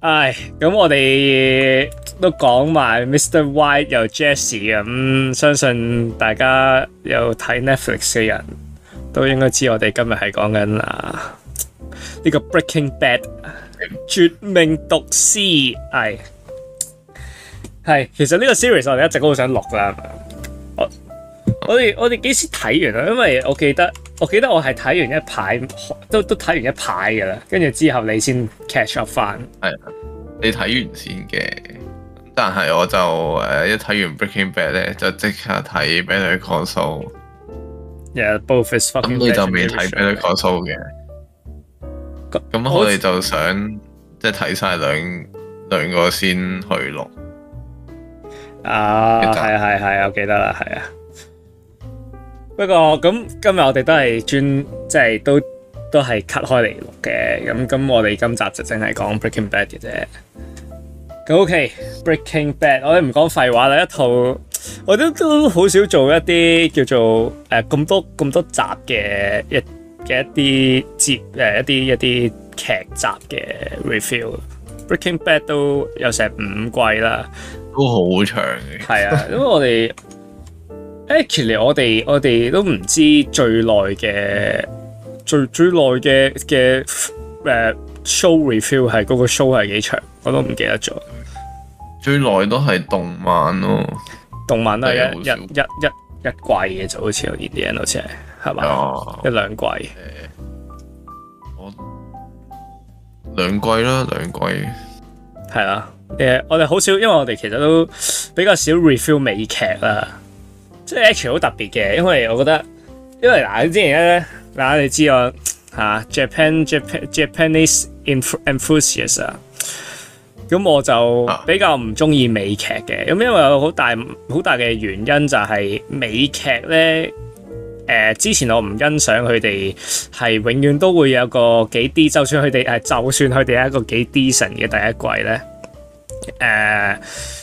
唉，咁我哋都講埋 Mr White 又 Jesse 咁，嗯，相信大家有睇 Netflix 嘅人都應該知道我，我哋今日係講緊啊呢個，這個 Breaking Bad 絕命毒師，唉，係其實呢個 series 我哋一直都好想錄㗎，我我哋我哋幾時睇完啊？因為我記得。我記得我係睇完一排，都都睇完一排噶啦，跟住之後你先 catch up 翻。係、啊、你睇完先嘅。但係我就誒一睇完 Breaking Bad 咧，就即刻睇 Better Call Saul Yeah, both is fucking. 咁你就未睇 Better Call Saul 嘅？咁我哋就想、What? 即係睇晒兩兩個先去錄。Uh, 啊，係係係，我記得啦，係啊。不過咁今日我哋都係專，即係都都係 cut 開嚟錄嘅，咁咁我哋今集就淨係講 Breaking Bad 嘅啫。咁 OK，Breaking Bad，我哋唔講廢話啦，一套我哋都都好少做一啲叫做誒咁多咁多集嘅一嘅一啲節、誒一啲一啲劇集嘅 review。Breaking Bad 都有成五季啦，都好長嘅。係啊，因為我哋。 誒，其實我哋我哋都唔知最耐嘅最最耐嘅嘅誒 show review 係嗰、那個 show 係幾長，我都唔記得咗。最耐都係動漫咯，哦，動漫都係一一一一一,一季嘅，就好似有熱點，End，好似係係嘛，一兩季我。我兩季啦，兩季。係啦，誒，我哋、啊、好少，因為我哋其實都比較少 review 美劇啦。即係 actually 好特別嘅，因為我覺得，因為嗱，之前咧嗱，你知道我嚇、啊、Japan Japan Japanese influ influencers 啊，咁我就比較唔中意美劇嘅，咁因為有好大好大嘅原因，就係美劇咧，誒、呃、之前我唔欣賞佢哋係永遠都會有一個幾 D，就算佢哋誒就算佢哋係一個幾 decent 嘅第一季咧，誒、呃。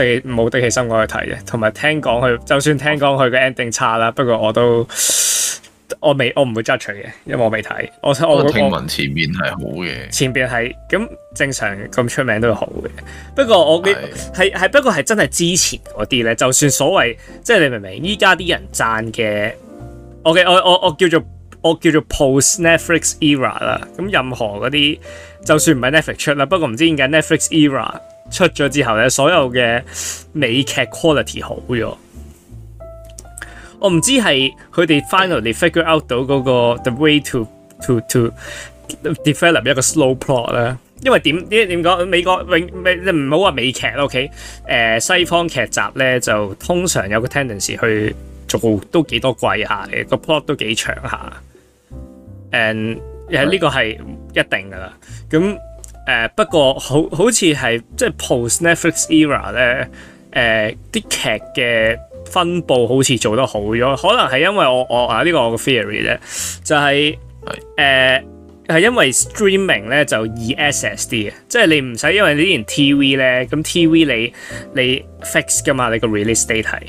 我冇得起心我去睇嘅，同埋聽講佢就算聽講佢嘅 ending 差啦，不過我都我未我唔會 judge 佢嘅，因為我未睇，我想我聽聞前面係好嘅，前邊係咁正常咁出名都係好嘅，不過我啲係係不過係真係之前嗰啲咧，就算所謂即係你明唔明？依家啲人讚嘅，我嘅我我我叫做我叫做 post Netflix era 啦，咁任何嗰啲就算唔係 Netflix 出啦，不過唔知點解 Netflix era。出咗之後咧，所有嘅美劇 quality 好咗。我唔知係佢哋 finally figure out 到嗰個 the way to to to develop 一個 slow plot 啦。因為點呢點講？美國永你唔好話美劇啦，OK？誒、呃，西方劇集咧就通常有個 tendency 去做都幾多季下嘅，個 plot 都幾長下。誒，呢個係一定噶啦。咁。誒、呃、不過好好似係即係 Post Netflix Era 咧、呃，誒啲劇嘅分佈好似做得好咗，可能係因為我我啊呢、這個我嘅 theory 咧、就是，就係誒係因為 streaming 咧就以 SSD 嘅，即係你唔使因為之前 TV 咧，咁 TV 你你 fix 噶嘛，你個 release date 係，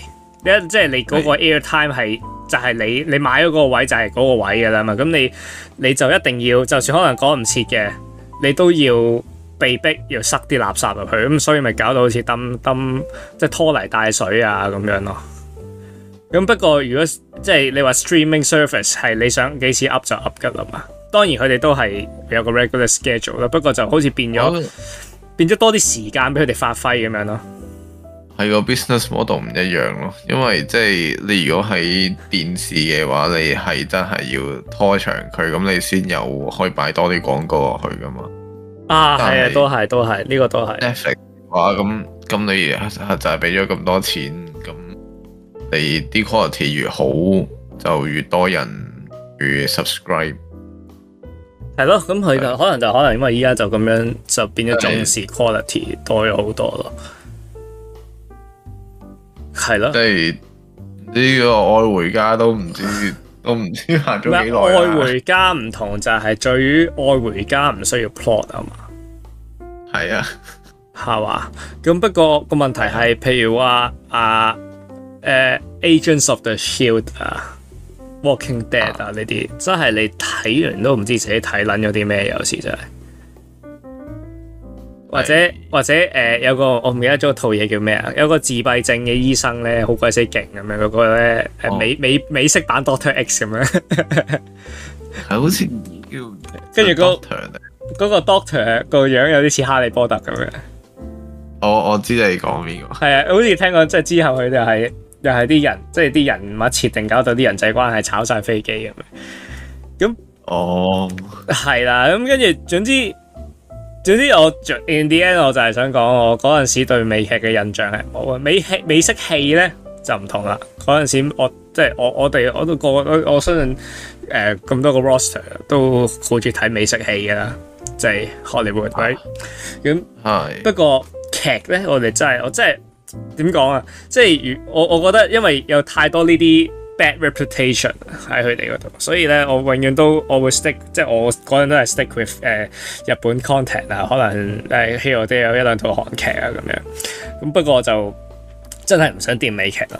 即係你嗰個 airtime 係就係、是、你你買咗嗰個位就係嗰個位噶啦嘛，咁你你就一定要，就算可能講唔切嘅。你都要被逼要塞啲垃圾入去，咁所以咪搞到好似掟掟，即係拖泥帶水啊咁樣咯。咁不過如果即係你話 streaming service 係你想幾時 up 就 up 㗎啦嘛，當然佢哋都係有個 regular schedule 啦，不過就好似變咗、oh。變咗多啲時間俾佢哋發揮咁樣咯。係個 business model 唔一樣咯，因為即係你如果喺電視嘅話，你係真係要拖長佢，咁你先有可以擺多啲廣告落去噶嘛。啊，係啊，都係都係，呢個都係。Netflix 嘅話咁咁，你就係俾咗咁多錢，咁你啲 quality 越好，就越多人越 subscribe。係咯，咁佢就可能就可能因為依家就咁樣就變咗重視 quality 多咗好多咯。係咯，即係呢個愛回家都唔知， 都唔知行咗幾耐。愛回家唔同 就係在於愛回家唔需要 plot 啊嘛，係啊， 係嘛。咁不過個問題係，譬如話啊，誒、啊、Agents of the Shield 啊，Walking Dead 啊呢啲、啊，真係你睇完都唔知自己睇捻咗啲咩，有時真係。或者或者誒、呃、有個我唔記得咗套嘢叫咩啊？有個自閉症嘅醫生咧，好鬼死勁咁樣，嗰、嗰個咧係、哦、美美美式版 Doctor X 咁樣，係 好似叫跟住、那個嗰、啊嗰個 Doctor 個樣有啲似哈利波特咁樣。我我知你講呢個？係啊，好似聽過即係之後佢就係又係啲人，即係啲人物設定搞到啲人際關係炒晒飛機咁。咁哦，係啦、啊，咁跟住總之。總之我着 In the end，我就係想講我嗰陣時對美劇嘅印象係冇啊，美美式戲咧就唔同啦。嗰陣時我即係、就是、我我哋我都個個都我相信誒，咁、呃、多個 roster 都好中意睇美式戲噶啦，就係 Hollywood 咁。係、ah. 不過劇咧，我哋真係我真係點講啊？即係如我、就是、我，我覺得，因為有太多呢啲。bad reputation 喺佢哋嗰度，所以咧我永遠都我會 stick，即係我嗰陣都係 stick with 誒、呃、日本 content 啊，可能誒 hero 啲有一兩套韓劇啊咁樣，咁不過我就真係唔想掂美劇咯。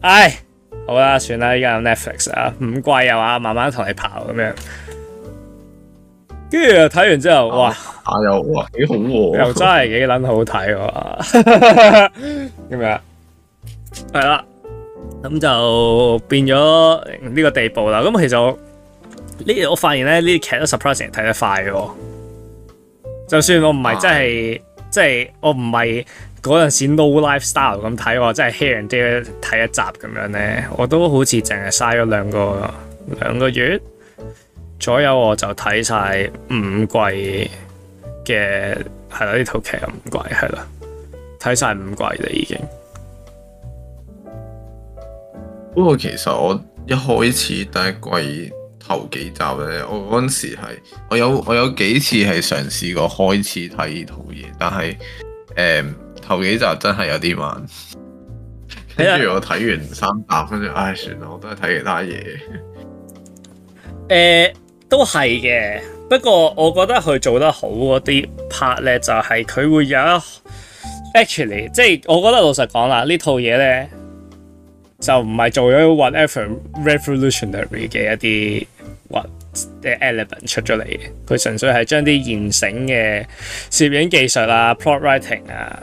唉，好啦，算啦，依家有 Netflix 啊怪又啊，唔貴啊嘛，慢慢同你跑咁樣。跟住睇完之後，哇，又哇，啊，幾好喎，又真係幾捻好睇喎，啊。咁 樣係啦，咁就變咗呢個地步啦。咁其實呢、這個，我發現咧呢啲劇都 surprising，睇得快嘅。就算我唔係真係，即係我唔係。嗰陣時 no lifestyle 咁睇我，真係 hea 人哋睇一集咁樣咧，我都好似淨係嘥咗兩個兩個月左右，我就睇晒五季嘅係啦，呢套劇五季係啦，睇晒五季喇已經。不過其實我一開始第一季頭幾集咧，我嗰陣時係我有我有幾次係嘗試過開始睇呢套嘢，但係誒，嗯後幾集真係有啲慢，跟住我睇完三集，跟住唉，算啦，我都係睇其他嘢。誒，uh，都係嘅，不過我覺得佢做得好嗰啲拍咧，就係佢會有一 actually，即係我覺得老實講啦，呢套嘢咧就唔係做咗 whatever revolutionary 嘅一啲 what the element 出咗嚟嘅，佢純粹係將啲現成嘅攝影技術啊 plot writing 啊。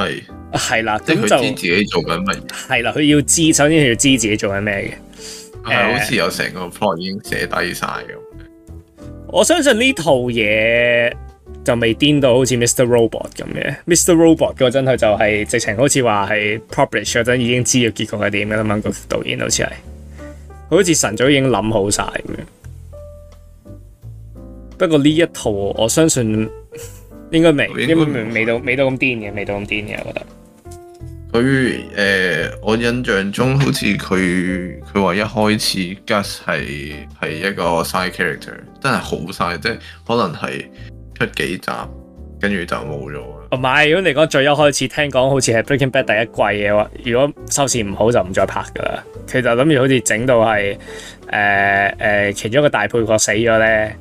係係啦，即係佢知自己做緊乜嘢。係啦，佢要知，首先佢要知自己做緊咩嘅。Uh, 好似有成個 plot 已經寫低晒咁。我相信呢套嘢就未顛到好似 Mr. Robot 咁嘅。Mr. Robot 嗰陣佢就係直情好似話係 publish 嗰陣已經知咗結局係點嘅啦。咁樣個導演好似係，好似晨早已經諗好晒咁樣。不過呢一套，我相信。應該未，應該未到未到咁癲嘅，未到咁癲嘅，我覺得。佢、呃、誒，我印象中好似佢佢話一開始 Gus 係係一個 side character，真係好 side，即係可能係出幾集跟住就冇咗。同埋如果你講最一開始聽講好似係 Breaking Bad 第一季嘅話，如果收視唔好就唔再拍噶啦。佢就諗住好似整到係誒誒，其中一個大配角死咗咧，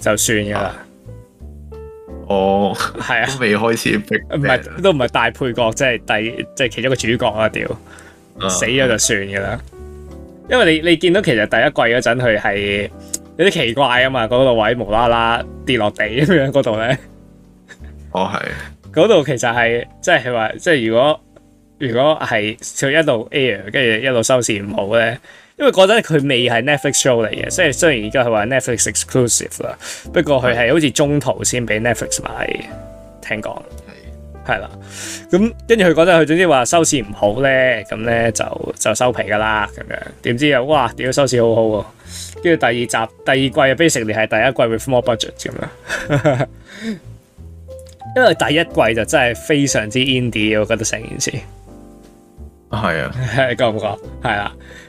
就算噶啦。啊。哦、oh, 係啊，都未開始逼唔係都唔係大配角，即、就、係、是、第即係、就是、其中一個主角啊！屌、uh.，死咗就算噶啦，因為你你見到其實第一季嗰陣佢係有啲奇怪啊嘛，嗰度位無啦啦跌落地咁樣嗰度咧，哦係，嗰、oh, 度其實係即係話即係如果如果係佢一路 air，跟住一路收視唔好咧。因為嗰陣佢未係 Netflix show 嚟嘅，所以雖然而家佢話 Netflix exclusive 啦，不過佢係好似中途先俾 Netflix 買聽講，係係啦，咁跟住佢嗰陣佢總之話收視唔好咧，咁咧就就收皮噶啦，咁樣點知又哇屌收視好好、啊、喎，跟住第二集第二季啊，basically 係第一季 with more budget 咁樣， 因為第一季就真係非常之 indie 我覺得成件事係啊，你覺唔覺？係啦。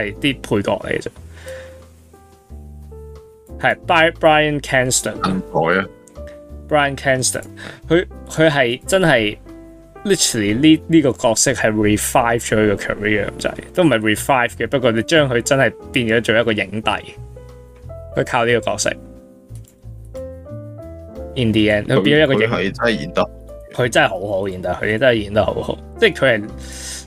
係啲配角嚟嘅啫，係 Bryan Cranston 改啊，Bryan Cranston 佢佢係真係 literally 呢呢個角色係 revive 咗佢 career 嘅，就係都唔係 revive 嘅，不過你將佢真係變咗做一個影帝，佢靠呢個角色，In the end，佢變咗一個影帝，佢佢係真係演得，佢真係好好演得，佢真係演得好好，即係佢係。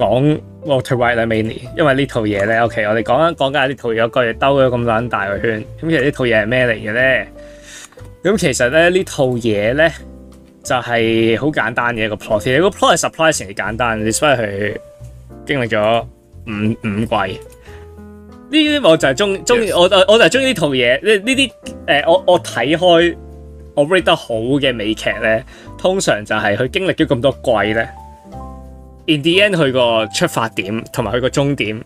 講 Walter White a Many，因為呢套嘢咧，OK，我哋講緊講緊呢套嘢，我句兜咗咁捻大個圈。咁其,其實呢套嘢係咩嚟嘅咧？咁其實咧呢套嘢咧就係、是、好簡單嘅一個 plot。一個 plot 係 supply 成嘅簡單，supply 佢經歷咗五五季。呢啲我就係中中意，我我就係中意呢套嘢。呢呢啲誒，我我睇開我 read 得好嘅美劇咧，通常就係佢經歷咗咁多季咧。In the end，佢個出發點同埋佢個終點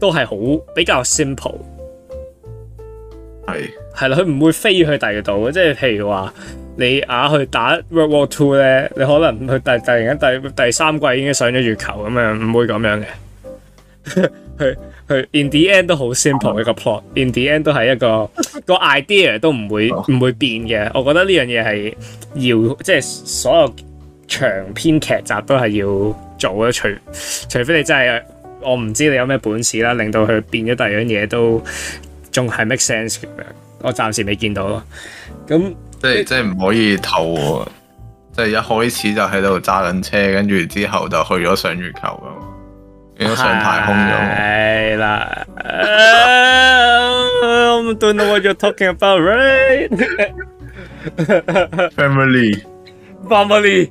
都係好比較 simple，係係啦，佢唔會飛去第二度，即係譬如話你啊去打 World War Two 咧，你可能去第突然間第第三季已經上咗月球咁樣的，唔會咁樣嘅。佢佢 In the end 都好 simple 一個 plot，In the end 都係一個個 idea 都唔會唔、哦、會變嘅。我覺得呢樣嘢係要，即係所有長篇劇集都係要。做啊，除除非你真係我唔知你有咩本事啦，令到佢變咗第二樣嘢都仲係 make sense。我暫時未見到咯。咁即係即係唔可以透、啊， 即係一開始就喺度揸緊車，跟住之後就去咗上月球咁，去咗上太空咗。係啦。I don't know what you're talking about, right? Family, family.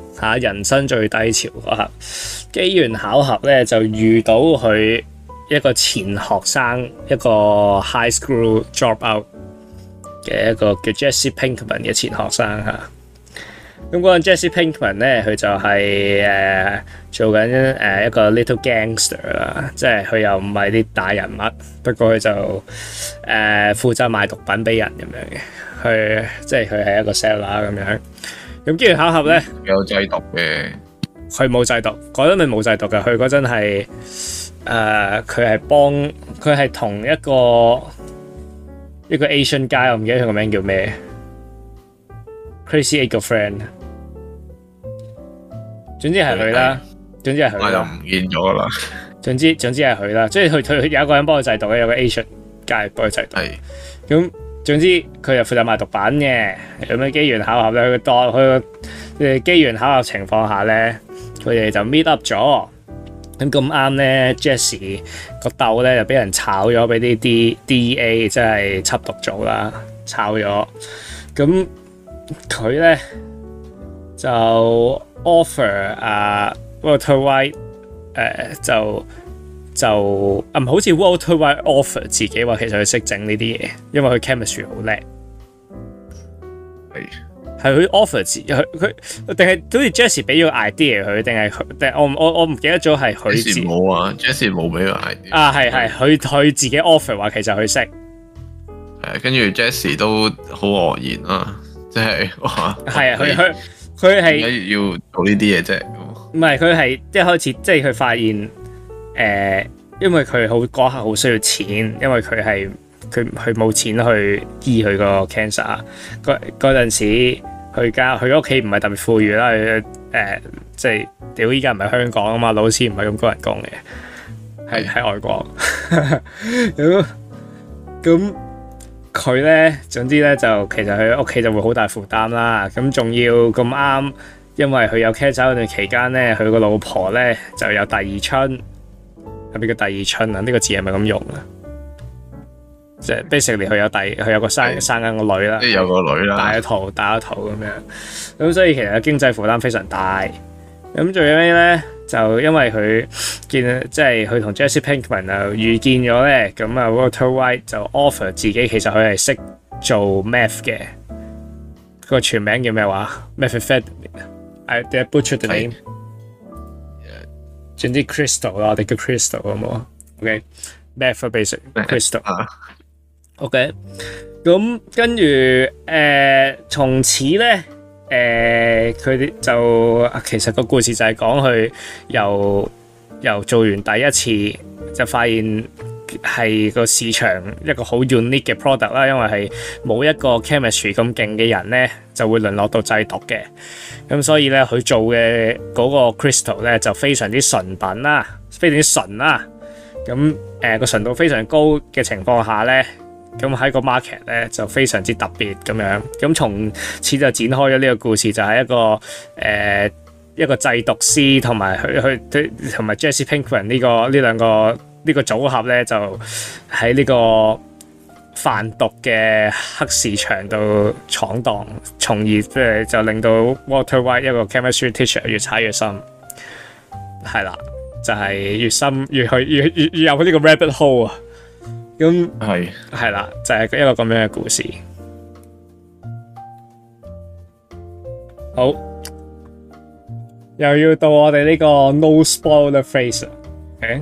嚇人生最低潮嗰刻，機緣巧合咧就遇到佢一個前學生，一個 high school dropout 嘅一個叫 Jesse Pinkman 嘅前學生嚇。咁嗰陣 Jesse Pinkman 咧，佢就係、是、誒、呃、做緊誒、呃、一個 little gangster 啦，即係佢又唔係啲大人物，不過佢就誒、呃、負責賣毒品俾人咁樣嘅，佢即係佢係一個 seller 咁樣。咁跟住巧合咧，有製毒嘅，佢冇製毒，嗰陣咪冇製毒嘅，佢嗰陣係誒，佢係幫，佢係同一個一個 Asian guy，我唔記得佢個名叫咩，Crazy Eight 嘅 friend，總之係佢啦，總之係佢，我就唔見咗啦。總之總之係佢啦，即係佢佢有一個人幫佢製毒嘅，有個 Asian guy 幫佢製毒，咁。總之佢又負責賣毒品嘅，咁樣機緣巧合咧，佢當佢嘅機緣巧合情況下咧，佢哋就 meet up 咗。咁咁啱咧，Jesse 個竇咧就俾人炒咗，俾啲 D D A 即係緝毒組啦炒咗。咁佢咧就 offer 啊，Walter White，誒就，就唔、嗯、好似 Walter White offer 自己話其實佢識整呢啲嘢，因為佢 chemistry 好叻。係係佢 offer 自己佢佢，定係好似 Jesse 俾個 idea 佢，定係佢？但係我我我唔記得咗係佢。Jesse 冇啊，Jesse 冇俾個 idea 啊。啊係係，佢佢自己 offer 話其實佢識。係、uh, 跟住 Jesse 都好愕然啊，即係話係啊，佢佢佢係要做呢啲嘢啫。唔係佢係即係一開始，即係佢發現。誒，因為佢好嗰刻好需要錢，因為佢係佢佢冇錢去醫佢個 cancer。嗰嗰陣時佢家，佢家佢屋企唔係特別富裕啦。誒、呃，即係屌，依家唔係香港啊嘛，老師唔係咁高人工嘅，係喺外國咁佢咧，總之咧就其實佢屋企就會好大負擔啦。咁仲要咁啱，因為佢有 cancer 嗰段期間咧，佢個老婆咧就有第二春。係咪叫第二春啊？呢、這個字係咪咁用啊？即係 basically 佢有第佢有個生 生緊個女啦，即有個女啦，大阿徒帶阿徒咁樣。咁所以其實經濟負擔非常大。咁最尾咧就因為佢見即係 佢同 Jesse Pinkman 啊遇見咗咧，咁啊，Walter White 就 offer 自己其實佢係識做 math 嘅。佢個全名叫咩話 Mathematical, I butcher the name。 整啲 crystal 啦，我哋叫 crystal 好冇啊？OK，meth for basic？crystal 啊？OK，咁跟住誒，呃、從此咧誒，佢哋就、呃、其實個故事就係講佢由由做完第一次就發現。係個市場一個好 unique 嘅 product 啦，因為係冇一個 chemistry 咁勁嘅人咧，就會淪落到製毒嘅。咁所以咧，佢做嘅嗰個 crystal 咧，就非常之純品啦，非常之純啦，啊。咁誒個純度非常高嘅情況下咧，咁喺個 market 咧就非常之特別咁樣。咁從此就展開咗呢個故事，就係、是、一個誒、呃、一個製毒師同埋佢佢同埋 Jesse Pinkman 呢、這個呢兩個。呢、這個組合咧就喺呢個販毒嘅黑市場度闖蕩，從而即係就令到 Walter White 一個 chemistry teacher 越踩越深，係啦，就係、是、越深越去越越越入呢個 rabbit hole 啊！咁係係啦，就係、是、一個咁樣嘅故事。好，又要到我哋呢個 No Spoiler Phase、okay?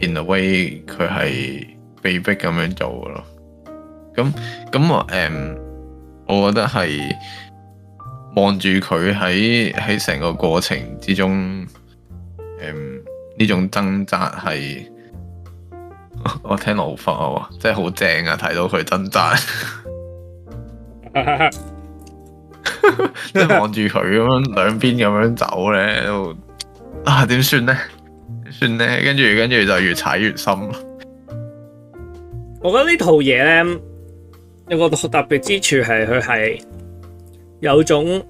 In a way, 佢係被逼咁樣做嘅咯。咁咁我誒，um, 我覺得係望住佢喺喺成個過程之中，誒、um, 呢種掙扎係 我聽老花喎，即係好正啊！睇到佢掙扎，即係望住佢咁樣兩邊咁樣走咧，啊點算咧？算咧，跟住跟住就越踩越深。我覺得套呢套嘢咧，有一個特特別之處係佢係有種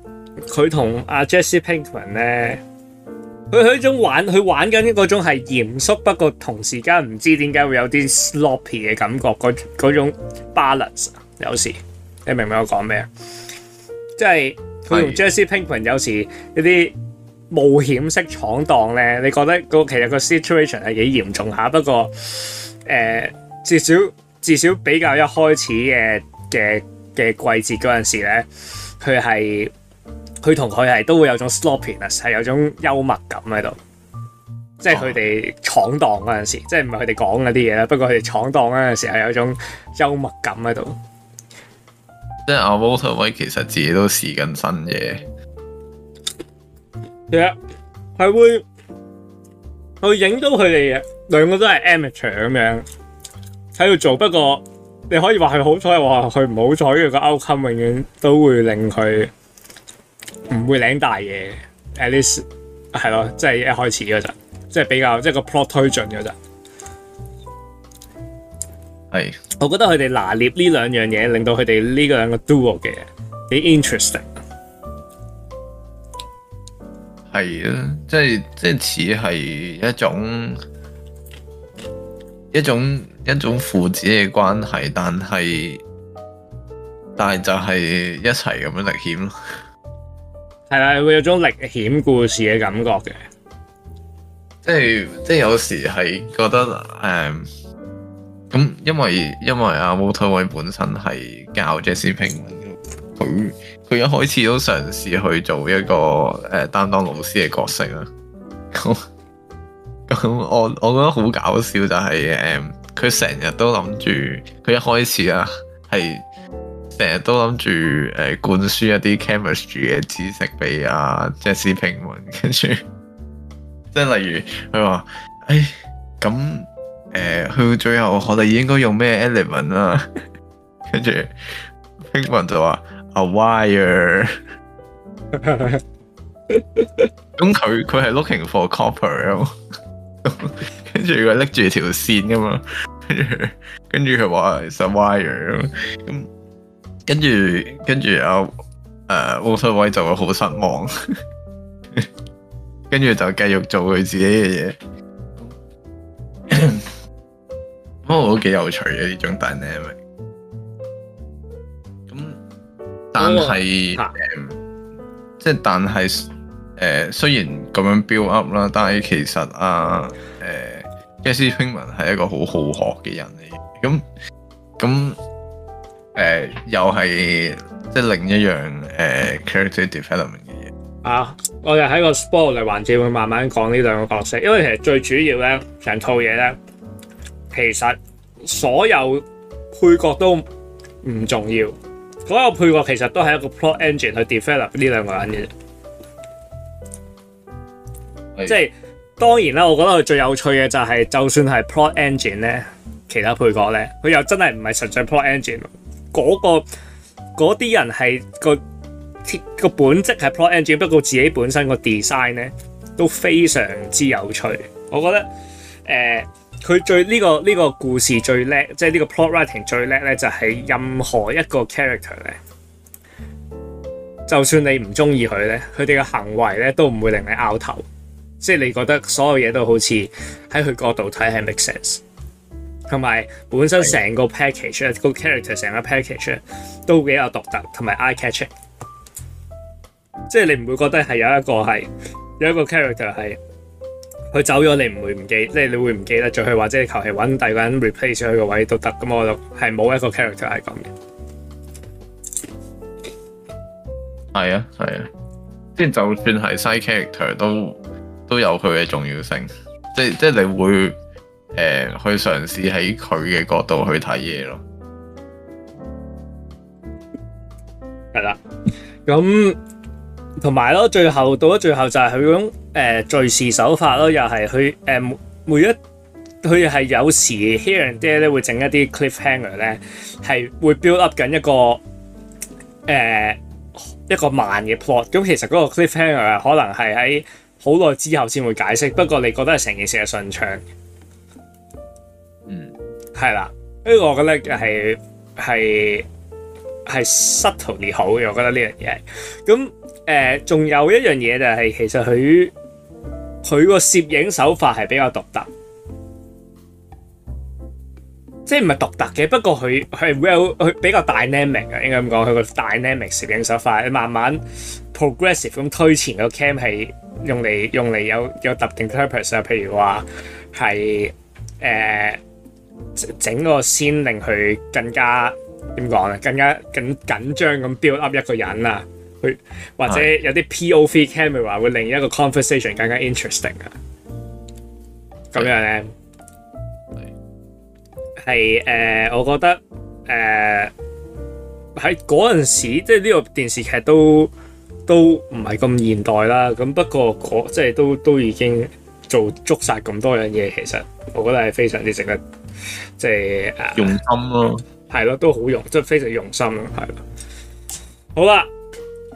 佢同阿 Jesse Pinkman 咧，佢係一種玩，佢玩緊嗰種係嚴肅，不過同時間唔知點解會有啲 sloppy 嘅感覺，嗰種 balance。有時你明唔明我講咩？即係佢同 Jesse Pinkman 有時有一啲冒險式闖蕩咧，你覺得個其實個 situation 係幾嚴重嚇？不過誒、呃，至少至少比較一開始嘅嘅嘅季節嗰陣時咧，佢係佢同佢係都會有種 sloppiness，係有種幽默感喺度。即係佢哋闖蕩嗰陣時，oh. 即係唔係佢哋講嗰啲嘢啦。不過佢哋闖蕩嗰陣時係有種幽默感喺度。即係我 v o l 其實自己都試緊新嘢。其、yeah，啊，係會去影到佢哋嘅，兩個都係 amateur 咁樣喺度做。不過你可以話佢好彩，話佢唔好彩，因佢、個 outcome 永遠都會令佢唔會領大嘢。At least 係咯，即、就、係、是、一開始嗰陣，即、就、係、是、比較即係、就是、個 plot 推進嗰陣。係，我覺得佢哋拿捏呢兩樣嘢，令到佢哋呢兩個 dual 嘅幾 interesting。係啊，即係即係似係一種一種一種父子嘅關係，但係但係就係一齊咁樣歷險咯。係啦，會有種歷險故事嘅感覺嘅，即係即係有時係覺得誒咁，嗯，因為因為阿烏退位本身係教只是平民。佢佢一開始都嘗試去做一個誒擔當老師嘅角色啦。咁咁我我覺得好搞笑就係、是、誒，佢成日都諗住，佢一開始啊係成日都諗住誒灌輸一啲 chemistry 嘅知識俾阿 Jesse 平文，跟住即係例如佢話誒咁誒去到最後我哋應該用咩 element 啊？跟住平文就話。A wire 咁 佢 他，他是 looking for copper 啊，跟住佢拎住條線咁啊，跟住跟住佢話係 set wire 咁，跟住跟住又誒，Walter White 就會好失望， 跟住就繼續做佢自己嘅嘢，咁我都幾有趣嘅呢種 dynamic。但係，即、oh, 係、uh, 嗯、但係，誒、呃，雖然咁樣 build up 啦，但係其實啊，誒 Jesse Pinkman 係一個好好學嘅人嚟，咁咁，誒，又係即係另一樣誒 character development 嘅嘢。啊，呃嗯嗯呃呃呃 uh, 我哋喺個 sport 嘅環節會慢慢講呢兩個角色，因為其實最主要咧，成套嘢咧，其實所有配角都唔重要。嗰、那個配角其實都係一個 plot engine 去 develop 呢兩個人嘅，就是，即係當然啦。我覺得佢最有趣嘅就係，是，就算係 plot engine 咧，其他配角咧，佢又真係唔係純粹 plot engine，那個。嗰個嗰啲人係個個本質係 plot engine，不過自己本身個 design 咧都非常之有趣。我覺得，呃佢最呢、這個呢、這個故事最叻，即係呢個 plot writing 最叻咧，就係、是、任何一個 character 咧，就算你唔中意佢咧，佢哋嘅行為咧都唔會令你拗頭，即係你覺得所有嘢都好似喺佢角度睇係 makes sense 同埋本身成個 package 咧、那個、，character 成個 package 咧都比較獨特，同埋 eye catching。即係你唔會覺得係有一個係有一個 character 係。佢走咗，你唔會唔記，即係你會唔記得咗佢，或者求其揾第二個人 replace 咗佢個位都得，咁我就係冇一個 character 係咁嘅。係啊，係啊，即係就算係 side character 都都有佢嘅重要性，即係即係你會誒、呃、去嘗試喺佢嘅角度去睇嘢咯，係啦咁同埋咯，最後到咗最後就係佢種。誒、呃，敍事手法咯，又係佢誒每一佢係有時 here and there 咧，會整一啲 cliffhanger 咧，係會 build up 緊一個誒、呃、一個慢嘅 plot。咁其實嗰個 cliffhanger 可能係喺好耐之後先會解釋。不過你覺得係成件事係順暢，嗯，係啦。呢個我覺得係係係 subtly 好嘅。我覺得呢樣嘢咁誒，仲、呃、有一樣嘢就係、是、其實佢。佢個攝影手法係比較獨特嘅，即係唔係獨特嘅。不過佢係 well，佢比較 dynamic 啊，應該咁講。佢個 dynamic 攝影手法，你慢慢 progressive 咁推前個 cam 係用嚟用嚟有有特定 purpose。譬如話係誒整個 scene 令佢更加點講咧，更加緊緊張咁 build up 一個人啦。或者有啲 POV camera 會令一個 conversation 更加 interesting 㗎！咁樣咧，係誒，我覺得誒喺嗰陣時，即係呢個電視劇都都唔係咁現代啦。咁不過即係都都已經做足晒咁多樣嘢，其實我覺得係非常之值得。即係用心咯，係咯，都好用，即係非常用心咯，係啦。好啦。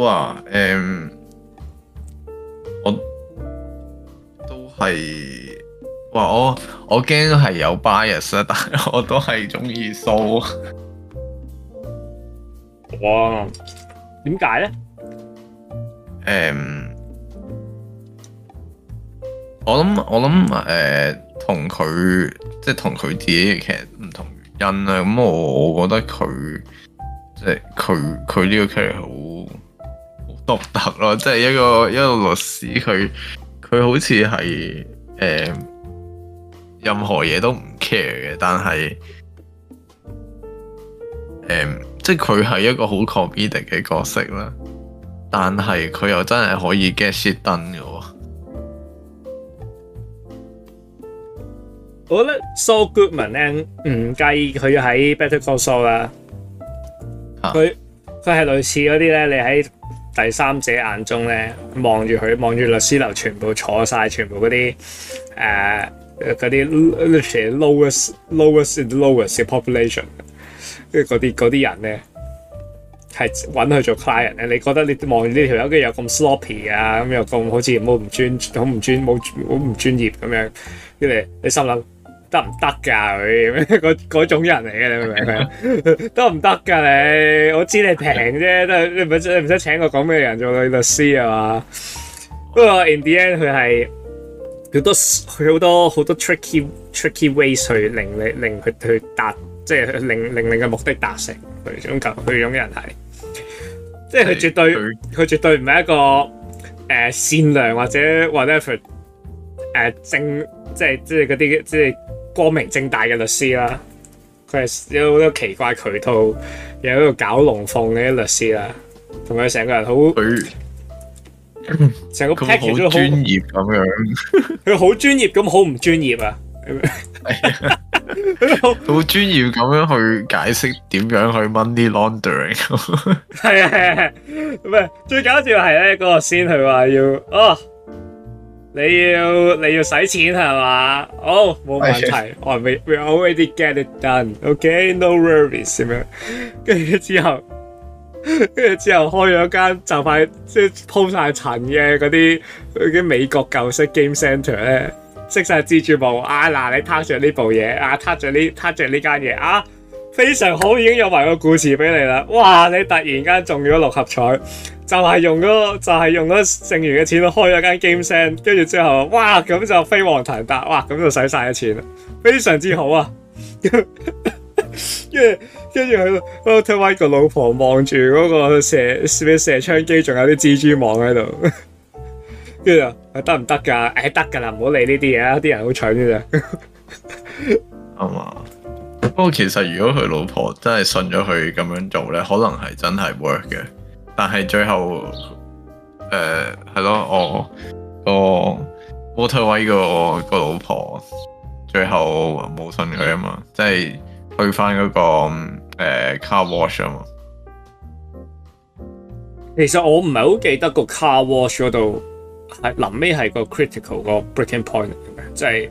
哇，誒、嗯，我都係，哇，我我驚係有 bias 啊，但係我都係中意 show 哇，點解咧？誒、嗯，我諗我諗誒，同佢即係同佢自己嘅劇唔同原因啦。咁我我覺得佢即係佢佢呢個劇好獨特咯，即係一個一個律師，佢佢好似係誒任何嘢都唔 care 嘅，但係誒、嗯、即係佢係一個好 comedy 嘅角色啦。但係佢又真係可以 get shit done 嘅、啊啊。我覺得 Saul Goodman 咧唔介意佢喺 Better Call Saul 啦，佢佢係類似嗰啲咧，你喺。第三者眼中咧，望住佢，望住律師樓，全部坐晒，全部嗰啲誒嗰啲 literally lowest lowest, lowest population，即係嗰啲嗰啲人咧，係揾佢做 client 咧。你覺得你望住呢條友，跟住又咁 sloppy 啊，咁又咁好似好唔專，好唔專，冇好唔專業咁樣，跟住你心諗。得唔得噶？佢咩？嗰種人嚟嘅，你明唔明？得唔得噶你？ 行行 我知你平啫，都 你唔使你唔使請我講咩人做律師啊嘛。 不過 in the end 佢係佢多佢好多好多 tricky tricky ways 去令你令佢去達，即係令令你嘅目的達成。佢 種人，佢種人係，即係佢絕對佢 絕對唔係一個誒、呃、善良或者 whatever、呃、正，即係即係嗰啲即係。光明正大嘅律師啦，佢係有好多奇怪渠道，有嗰個搞龍鳳嘅律師啦，同佢成個人好，成個 package 都好專業咁樣，佢好專業咁好唔專業 是是啊，好專業咁樣去解釋點樣去 money laundering，係 啊，係、啊、最搞笑係咧嗰個先，佢話要你要你要洗錢係嘛？好、oh, 冇問題、 oh，we we already get it done，ok，no、okay? worries 咁樣。跟住之後，跟住之後開咗間就快即係鋪晒塵嘅嗰啲嗰啲美國舊式 game centre 咧，識晒蜘蛛網。啊嗱，你撻着呢部嘢啊，撻着呢撻着呢間嘢啊！非常好，已經有埋個故事俾你啦！哇，你突然間中咗六合彩，就係用咗就係用咗剩餘嘅錢開咗間 game centre，跟住之後哇，咁就飛黃騰達，哇，咁就使晒啲錢啦，非常之好啊！跟住跟住喺度，我聽翻個老婆望住嗰個射，係唔係射槍機，仲有啲蜘蛛網喺度？跟住啊，得唔得噶？誒、哎，得噶啦，唔 好理呢啲嘢啦，啲人好搶嘅咋，啱啊！不過其實如果佢老婆真係信咗佢咁樣做咧，可能係真係 work 嘅。但係最後，誒係咯，我、哦、個 Walter White 個個老婆最後冇信佢啊嘛，即係去翻嗰、嗰個誒、呃、car wash 啊嘛。其實我唔係好記得個 car wash 嗰度係臨尾係個 critical 個 breaking point 嘅，即係。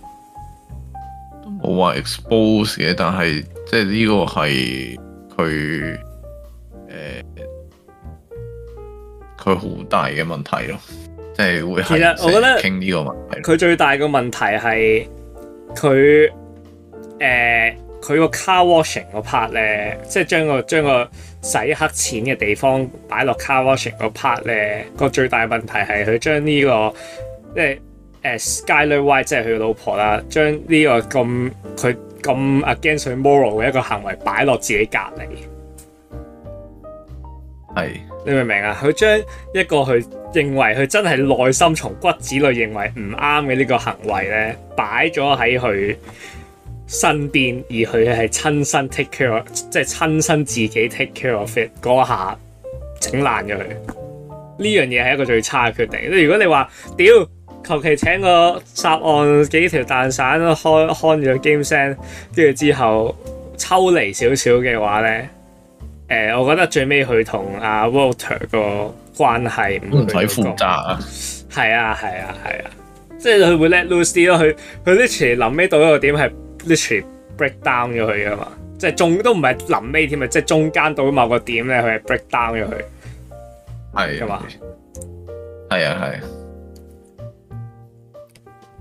好話 expose 嘅，但係即係呢個係佢誒，佢、欸、好大嘅問題咯，即係會係。其實我覺得傾呢個問題，佢最大嘅問題係佢誒，佢、呃、個 car washing 個 part 咧，即係將、個將個洗黑錢嘅地方擺落 car washing 個 part 咧，個最大的問題係佢將呢個即係。誒 Skyler White 即係佢老婆啦，將呢個咁佢咁 against moral 嘅一個行為擺落自己隔離，係你明唔明啊？佢將一個佢認為佢真係內心從骨子裏認為唔啱嘅呢個行為咧，擺咗喺佢身邊，而佢係親身 take care，of, 即係親身自己 take care of it 嗰下整爛咗佢。呢樣嘢係一個最差嘅決定。如果你話屌。求其請個殺案幾條彈散，開看咗 game 聲，跟住之後抽離少少嘅話咧，誒、呃，我覺得最尾佢同阿 Walter 個關係唔使負責啊，係啊，係啊，係啊，啊，即係佢會 let loose 啲咯，佢佢 literally 臨尾到一個點係 literally break down 咗佢啊嘛，即係仲都唔係臨尾添啊，即係中間到某個點咧，佢係 break down 咗佢，係啊嘛，係啊，係。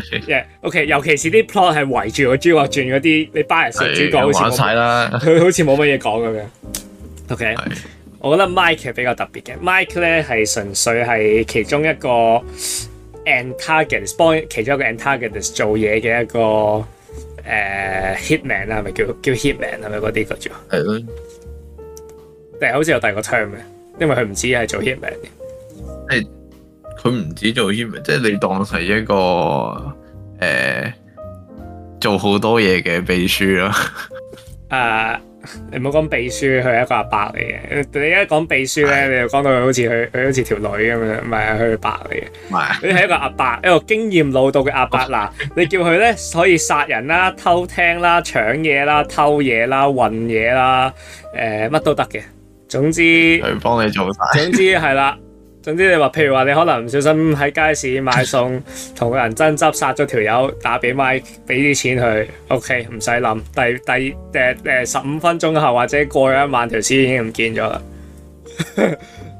yeah, o、okay, k 尤其是啲 plot 係圍住個主角轉嗰啲，你班人識主角好似冇晒啦，佢好似冇乜嘢講咁樣。OK，我覺得 Mike 係比較特別嘅，Mike 咧係純粹係其中一個 antagonist，幫其中一個 antagonist 做嘢嘅一個誒、呃、hitman 啦，係咪叫叫 hitman 係咪嗰啲嗰種？係咯，定係好似有第二個 term 嘅，因為佢唔知係做 hitman。佢唔止做 human 即係你當係一個誒、呃、做好多嘢嘅秘書啦。啊，你唔好講秘書，佢係一個阿伯嚟嘅。你一講秘書咧，是你就講到佢好,好條似佢佢好似條女咁樣，唔係啊，佢係阿伯嚟嘅。佢係一個阿伯,伯， 一個經驗老道嘅阿伯嗱。 你叫佢咧可以殺人啦、偷聽啦、搶嘢啦、偷嘢啦、運嘢啦，誒、呃、乜都得嘅。總之佢幫你做晒。總之係啦。 總之，你話譬如話，你可能唔小心喺街市買餸，同個人爭執，殺咗條友，打俾 Mike 俾啲錢佢，OK，唔使諗。第第誒誒十五分鐘後，或者過咗一萬條線已經唔見咗啦，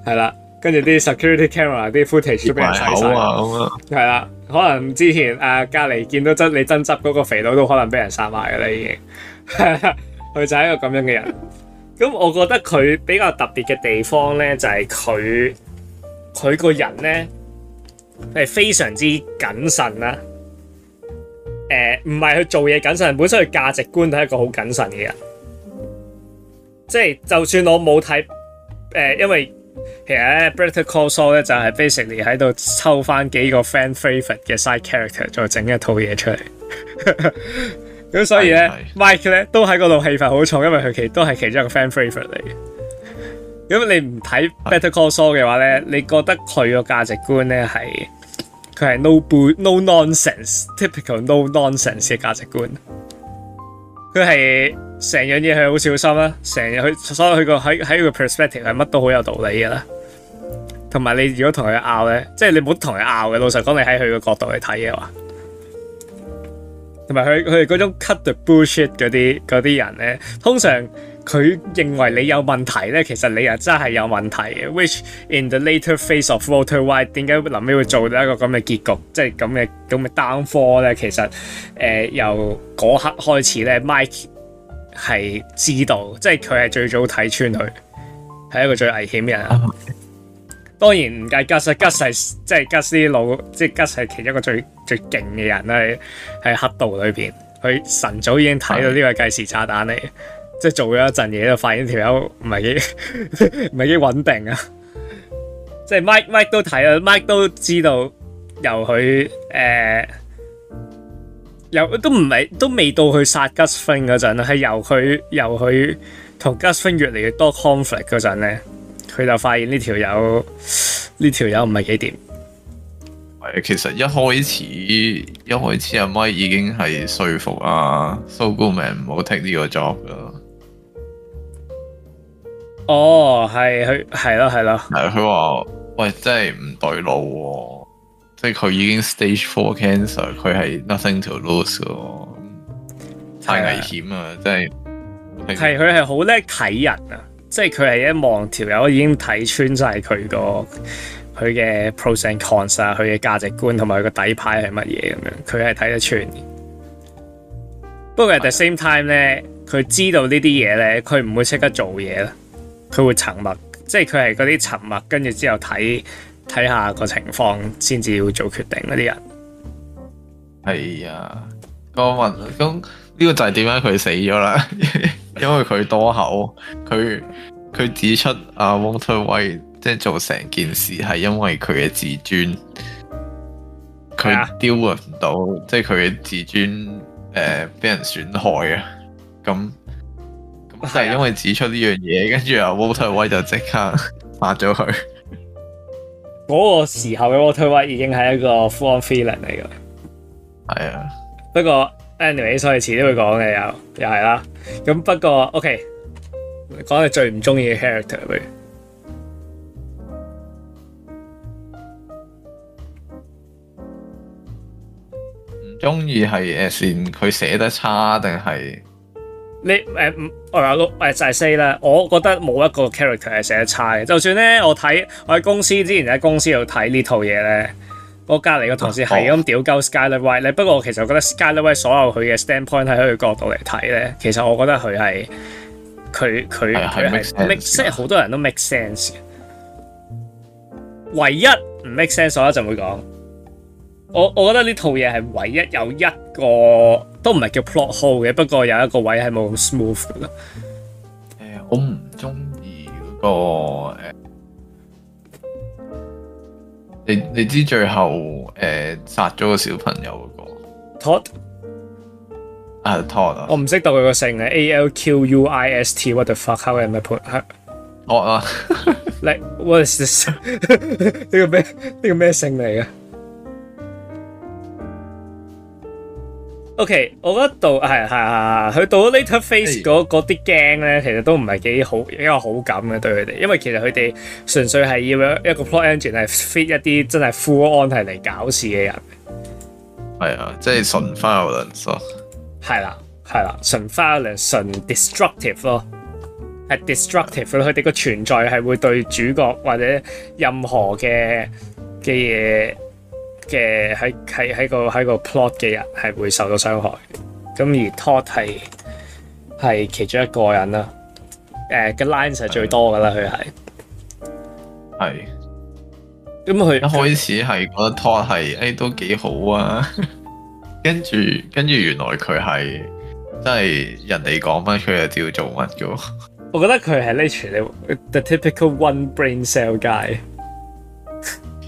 係 啦。跟住啲 security camera 啲 footage 都俾人洗晒。係啦、啊， 可能之前誒隔離見到爭你爭執嗰個肥佬，都可能俾人殺埋噶啦，已經。佢 就係一個咁樣嘅人。咁 我覺得佢比較特別嘅地方咧，就係佢。佢個人咧係非常之謹慎啦，誒唔係去做嘢謹慎，本身佢價值觀都係一個好謹慎嘅人，即、就、係、係、就算我冇睇誒，因為其實咧 Better Call Saul 咧就係 basically 喺度抽翻幾個 fan favorite 嘅 side character 再整一套嘢出嚟，咁 所以咧、嗯嗯、Mike 咧都喺嗰度戲份好重，因為佢其都係其中一個 fan favorite 嚟嘅。如果你唔睇 Better Call Saul 嘅話咧，你覺得佢個價值觀咧係佢係 no bull no nonsense，typical no nonsense 嘅價值觀。佢係成樣嘢，佢好小心啦，成日佢所以佢個喺喺佢個 perspective 係乜都好有道理噶啦。同埋你如果同佢拗咧，即係你唔好同佢拗嘅。老實講，你喺佢個角度去睇嘅話，同埋佢佢哋嗰種 cut the bullshit 嗰啲啲人咧，通常。佢認為你有問題咧，其實你又真係有問題嘅。 Which in the later phase of Walter White，點解臨尾會做到一個咁嘅結局，即係咁嘅咁嘅 downfall 咧？其實誒、呃，由嗰刻開始咧，Mike 係知道，即係佢係最早睇穿佢係一個最危險嘅人、啊。當然唔計吉塞吉塞，即係吉斯佬，即係吉塞其中一個最最勁嘅人啦、啊。喺黑道裏邊，佢晨早已經睇到呢個計時炸彈嚟。 即係做咗一陣嘢，就發現條友唔係唔係幾穩定啊！即係 Mike Mike 都睇啊，Mike 都知道由佢誒、呃，由都唔係都未到去殺 Gus Fring 嗰陣啦，係由佢由佢同 Gus Fring 越嚟越多 conflict 嗰陣咧，佢就發現呢條友呢條友唔係幾掂。係、這個、其實一開始一開始阿 Mike 已經係說服啊 Saul Goodman 唔好 take 呢個 job 噶。哦、oh，係佢係咯，係咯，係佢話喂，真係唔對路喎，即係佢已經 stage four cancer，佢係 nothing to lose，太危險啊！真係，係佢係好叻睇人啊，即係佢係一望條友已經睇穿晒佢個佢嘅 pros and cons 啊，佢嘅價值觀同埋佢個底牌係乜嘢咁樣，佢係睇得穿。不過 at the same time 咧，佢知道呢啲嘢咧，佢唔會即刻做嘢啦。佢會沉默，即係佢係嗰啲沉默，跟住之後睇睇下個情況，先至要做決定嗰啲人，係、哎、啊，我問咁呢、這個就係點解佢死咗啦？ 因為佢多口，佢佢指出 uh, Walter White，即係做成件事係因為佢嘅自尊，佢丟唔到，即係佢嘅自尊誒俾、uh, 人損害啊，咁。就係、是、因為指出呢樣嘢，跟住啊，Walter White 就即刻抹咗佢。嗰、那個時候嘅 Walter White 已經係一個 full villain 嚟噶。係啊，不過 anyway 所以遲啲會講嘅，又又係啦。咁不過 OK，講你最唔中意嘅 character，唔中意係誒，算佢寫得差定係？你誒唔、呃、我話咯、呃、就係、是、say 啦。我覺得冇一個 character 係寫得差嘅。就算咧，我睇我喺公司之前喺公司度睇呢套嘢咧，我隔離個同事係咁屌鳩 Skyler White 咧。不過我其實覺得 Skyler White 所有佢嘅 standpoint 喺佢角度嚟睇咧，其實我覺得佢係佢佢佢係 make sense 即係好多人都 make sense。唯一唔 make sense，我一陣會講。我我覺得呢套嘢係唯一有一個都唔係叫 plot hole 嘅，不過有一個位係冇咁 smooth。誒、嗯，我唔中意嗰個、嗯、你你知最後誒、嗯、殺咗個小朋友嗰、那個 Todd 啊、uh, Todd，我唔識讀佢個姓嘅，A L Q U I S T。What the fuck？後尾係咪判嚇？What 啊？Like，What is this？呢個咩？呢個咩姓嚟嘅？O.K. 我覺得到係係係佢去到 later phase 嗰啲 gang 咧，其實都唔係幾好，一個好感嘅對佢哋，因為其實佢哋純粹係要一個 plot engine 係 fit 一啲真係 full on 係嚟搞事嘅人。係啊，即、就、係、是、純 violen、嗯、ce 咯。係啦、啊，係啦、啊，純 violence 純 destructive 咯，係 destructive 咯。佢哋個存在係會對主角或者任何嘅嘅嘢。嘅喺喺喺個喺個 plot 嘅人係會受到傷害，咁而 Todd 係係其中一個人啦。誒、uh，嘅 lines 係最多噶啦，佢係係。咁佢一開始係覺得 Todd 係誒、哎、都幾好啊， 跟住跟住原來佢係真係人哋講乜佢就叫做乜噶。 我覺得佢係呢條 the typical one brain cell guy。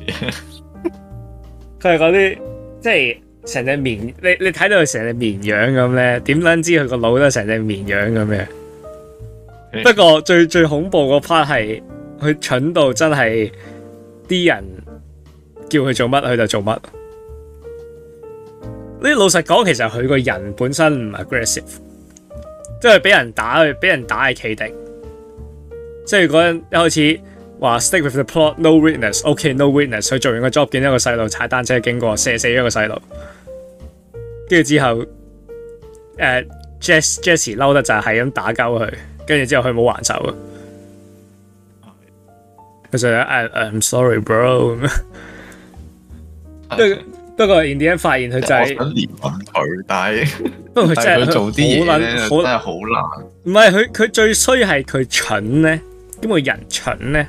佢係嗰啲，即係成隻綿，你你睇到佢成隻綿羊咁咧，點諗知佢個腦都係成隻綿羊咁嘅？ 不過最最恐怖個 part 係佢蠢到真係啲人叫佢做乜，佢就做乜。呢，老實講，其實佢個人本身唔 aggressive，即係俾人打，俾人打係企定，即係嗰陣一開始。話 stick with the plot，no witness，ok，no witness。佢做完個 job，見到一個細路踩單車經過，射死咗個細路。跟住之後，誒，Jes，Jesse 嬲得就係咁打交佢。跟住之後，佢冇還手。佢就誒，I'm sorry，bro。不不過 Indian 發現佢就係想連環腿，但係不過佢真係做啲嘢咧，真係好難。唔係佢佢最衰係佢蠢咧，因為人蠢咧。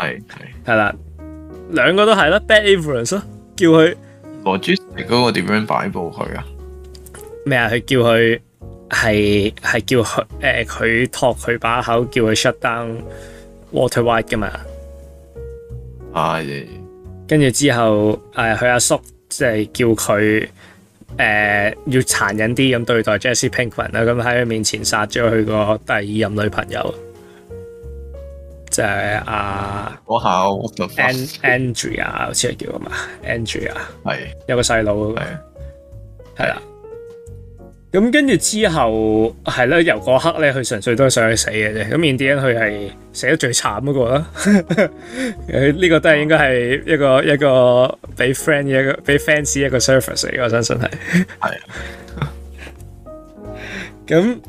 係係係啦，兩個都係啦，Bad Influence 咯，叫佢羅朱，嗰個點樣擺布佢啊？咩啊？佢叫佢係係叫佢誒，佢、呃、托佢把口叫佢 shut down Walter White 噶嘛？啊跟住之後誒，佢、呃、阿叔即係叫佢誒、呃，要殘忍啲咁對待 Jesse Pinkman 啦，咁喺佢面前殺咗佢個第二任女朋友。就係阿嗰下，Andrea 啊，好似係叫啊 Andrea 啊，係 An, 有個細佬、那個，係啦。咁跟住之後，係啦，由嗰刻咧，佢純粹都係想去死嘅啫。咁印第安佢係死得最慘嗰個啦。誒，呢個都係應該係一個一個俾 friend 嘅一個俾 fans 一個 service 嚟，我相信係係。咁。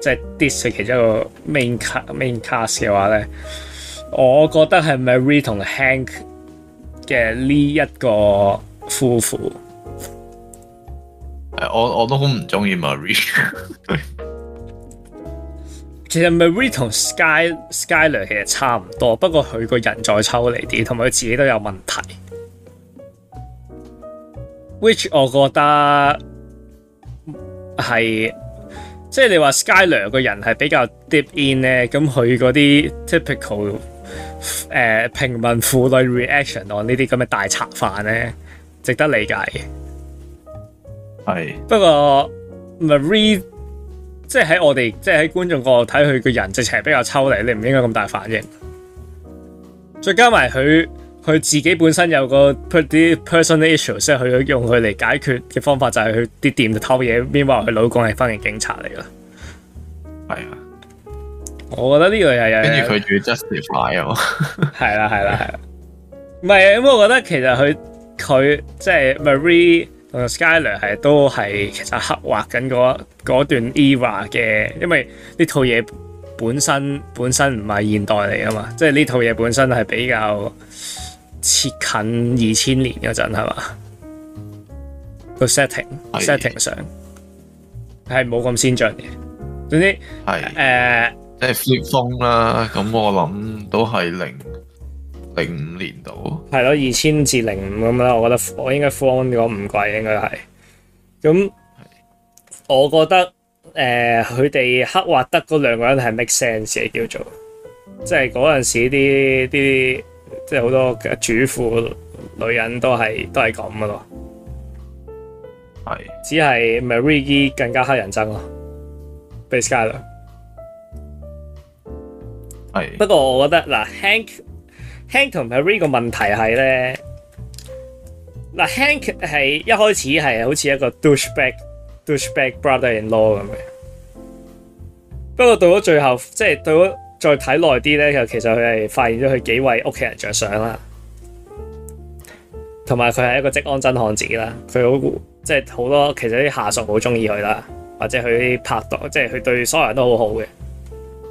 即係 dis 其中一個 main cast 嘅話咧，我覺得係 Marie 同 Hank 嘅呢一個夫婦。我我都好唔中意 Marie。 其實 Marie 同 Sky Skyler 其實差唔多，不過佢個人再抽離啲，同埋佢自己都有問題。Which 我覺得係。即係你話 Skyler 個人係比較 deep in 咧，咁佢嗰啲 typical 誒、呃、平民婦女 reaction on 呢啲咁嘅大茶飯咧，值得理解係。不過 Marie 即係喺我哋即係喺觀眾角度睇佢個人，直情係比較抽離，你唔應該咁大反應。再加埋佢。佢自己本身有個啲 personal issue，即係佢用佢嚟解決嘅方法就係去啲店度偷嘢，變埋佢老公係翻嘅警察嚟啦。係啊，我覺得呢個係跟住佢仲要 justify 係啦，係 啦、啊，啦、啊，唔係咁、啊啊啊啊啊 嗯。我覺得其實佢佢即係 Marie 同 Skyler 係都係其實刻畫緊嗰嗰段 era 嘅，因為呢套嘢本身本身唔係現代嚟啊嘛，即係呢套嘢本身係比較接近二千年嗰陣係嘛，個 setting setting 上係冇咁先進嘅，總之係誒誒 flip phone 啦，咁、呃、我諗都係零零五年度係咯，二千至零五咁啦，我覺得我應該 phone 嗰五季應該係咁，我覺得誒，佢哋刻畫得嗰兩個人係 make sense 嘅，叫做即係嗰陣時啲啲。即係好多主婦女人都係都係咁噶咯，係只係 Marie、e、更加黑人憎咯，比 Sky 啦，係。不過我覺得嗱，Hank，Hank 同 Marie 個問題係咧，嗱 Hank 係一開始係好似一個 douchebag douchebag brother in law 咁嘅，不過到咗最後即係、就是、到咗。再睇耐啲咧，其實佢係發現咗佢幾為屋企人着想啦，同埋佢係一個積安真漢子啦。佢好即係好多，其實啲下屬好中意佢啦，或者佢拍檔，即係佢對所有人都好好嘅，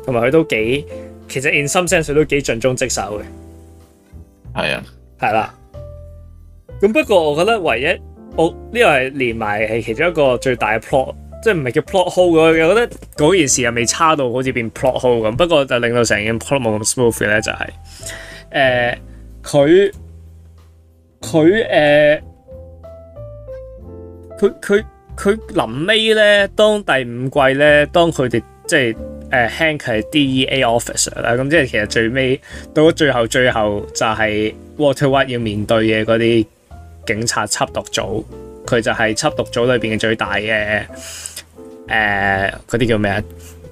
同埋佢都幾其實 in some sense 都幾盡忠職守嘅。係啊，係啦。咁不過我覺得唯一，我呢個係連埋係其中一個最大嘅 plot 即係唔係叫 plot hole 嘅？我覺得嗰件事又未差到好似變 plot hole 咁。不過就令到成件 plot 冇咁 smooth 嘅咧、就係，就係誒佢佢誒佢佢佢臨尾咧，當第五季咧，當佢哋即係誒、呃、Hank 係 DEA officer 啦。咁即係其實最尾到咗最後，最後就係 Walter White 要面對嘅嗰啲警察緝毒組，佢就係緝毒組裏邊嘅最大嘅。誒、呃，嗰啲叫咩啊？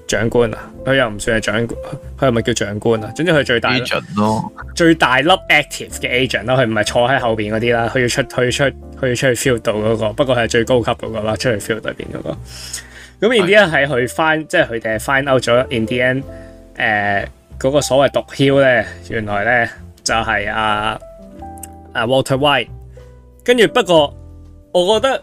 長官啊，佢又唔算係長官，佢係咪叫長官啊？總之佢最大咯，agent、最大粒 active 嘅 agent 咯，佢唔係坐喺後邊嗰啲啦，佢要出，佢要出，佢要，要出去 field 到嗰、那個，不過係最高級嗰、那個啦，出去 field 裏邊、那、嗰個。咁然之後喺佢 find，即係佢哋 find out 咗，in the end 誒，嗰、那個所謂毒梟咧，原來咧就係、是、啊阿、啊、Walter White，跟住不過我覺得。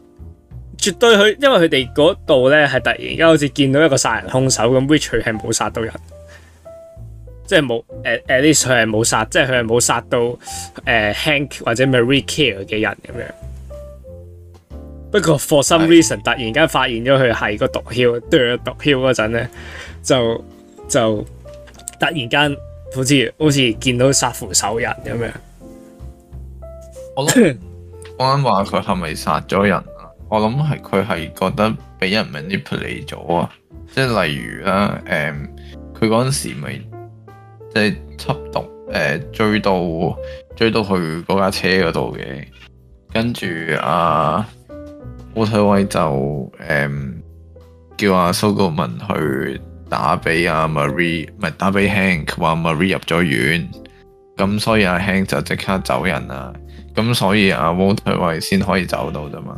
絕對佢，因為佢哋嗰度咧，係突然間好似見到一個殺人兇手咁，which 佢係冇殺到人，即係冇誒 at least 佢係冇殺，即係佢係冇殺到誒、呃、Hank 或者 Marie Kill 嘅人咁樣。不過 for some reason 突然間發現咗佢係個毒梟，對咗毒梟嗰陣咧，就就突然間好似好似見到殺扶手人咁樣。我諗講緊，話佢係咪殺咗人？我諗係佢係覺得俾人 manipulate 咗啊！即係例如啦，誒、嗯，佢嗰陣時咪即係緝毒，誒、嗯，追到追到去嗰架車嗰度嘅，跟住阿 Walter White 就誒、嗯、叫阿 Saul Goodman 去打俾阿、啊、Marie，唔係打俾 Hank 話 Marie 入咗院，咁所以阿、啊、Hank 就即刻走人啦，咁所以阿 Walter White 先可以走到啫嘛。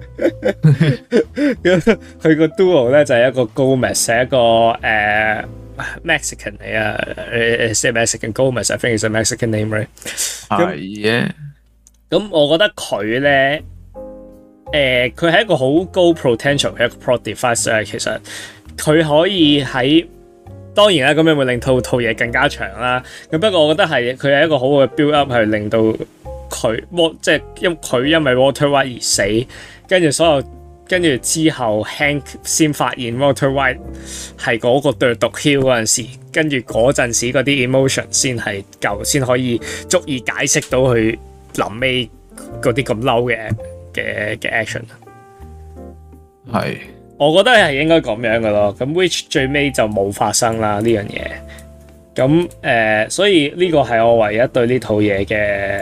佢個 duo 咧就係一個 Gomez，係一個誒 Mexican 嚟啊，係一個 Mexican Gomez，I think 係一個 Mexican name 嚟。係嘅，咁我覺得佢咧，誒，佢係一個好高 potential，佢係一個 productive 嘅。其實佢可以喺，當然啦，咁會唔會令套套嘢更加長啦？咁不過我覺得係，佢係一個好好嘅 build up，係令到佢，即係因佢因為 Walter White 而死。跟住所有，跟住之後，Hank 先發現 Water White 係嗰個對毒梟嗰陣時，跟住嗰陣時嗰啲 emotion 先係夠，先可以足以解釋到佢臨尾嗰啲咁嬲嘅嘅嘅 action。係，我覺得係應該咁樣嘅咯。咁 which 最尾就冇發生啦呢樣嘢。咁誒、呃，所以呢個係我唯一對呢套嘢嘅。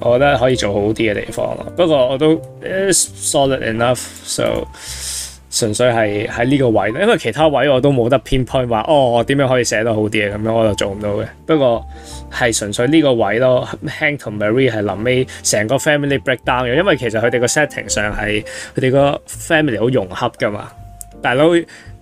我覺得可以做好啲嘅地方咯，不過我都、It's、solid enough，就 so, 純粹係喺呢個位。因為其他位我都冇得 pinpoint 話哦我點樣可以寫得好啲嘅，咁樣，我就做唔到嘅。不過係純粹呢個位咯，Hank 同 Marie 係臨尾成個 family break down 嘅，因為其實佢哋個 setting 上係佢哋個 family 好融洽噶嘛，大佬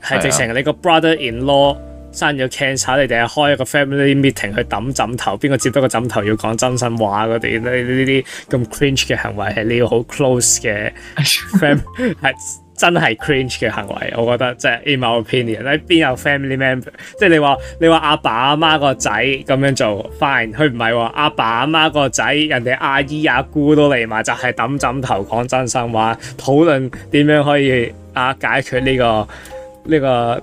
係直情你個 brother in law。生咗 cancer，你哋開一個 family meeting 去揼枕頭，邊個接得個枕頭要講真心話嗰啲呢？呢啲咁 cringe 嘅行為係你要好 close 嘅 family，係 真係 cringe 嘅行為，我覺得即係、就是、in my opinion。你邊有 family member？即係你話你話阿爸阿媽個仔咁樣做 fine，佢唔係阿爸阿媽個仔，人哋阿姨阿姑都嚟埋，就係、是、揼枕頭講真心話，討論點樣可以啊解決呢個呢個。這個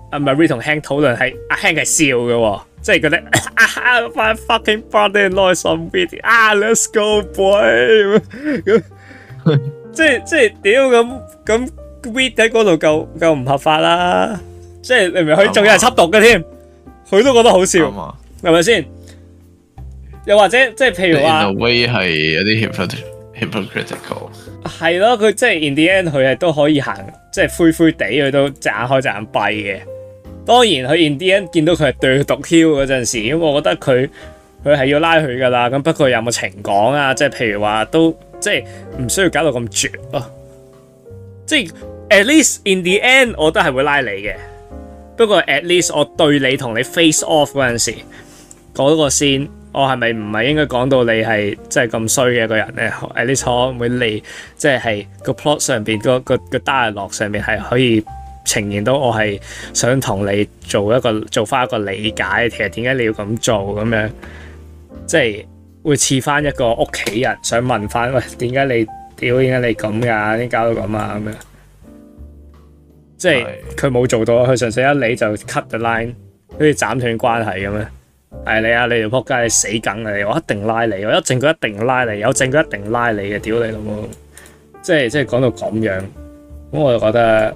阿 Marie 同阿 Hank 討論，係阿 Hank 係笑嘅，即係覺得。My fucking brother knows I'm with t a let's go, boy. 咁即係即係屌咁咁 weed 喺嗰度夠夠唔合法啦。即係你明佢仲有人緝毒嘅添，佢都覺得好笑，嘛，係咪先？又或者即係譬如話 in a way 係有啲 hypocritical。係咯，佢即係 in the end，佢係都可以行，即係灰灰地，佢都隻眼開隻眼閉嘅。當然，佢 in the end 見到佢係對佢毒 kill 嗰陣時，咁我覺得佢佢係要拉佢噶啦。咁不過有冇情講啊，啊？即係譬如話都即係唔需要搞到咁絕咯。即係 at least in the end，我都係會拉你嘅。不過 at least 我對你同你 face off 嗰陣時嗰、嗰個線，我係咪唔係應該講到你係即係咁衰嘅一個人咧？at least 我會你，即係、嗰個 plot 上邊、嗰個、嗰個個 dialog 上面係可以。呈現到我係想同你做一個做翻一個理解，其實點解你要咁做咁樣，即係會似翻一個屋企人，想問翻喂，點解你屌點解你咁噶？點解都咁啊？咁樣，啊，樣即係佢冇做到，佢純粹一理就 cut the line，好似斬斷關係咁樣，係你啊！你條撲街，你死梗啊！你我一定拉你，我有證據一定拉你，有證據一定拉你嘅屌你老母，即係即係講到咁樣咁，我就覺得。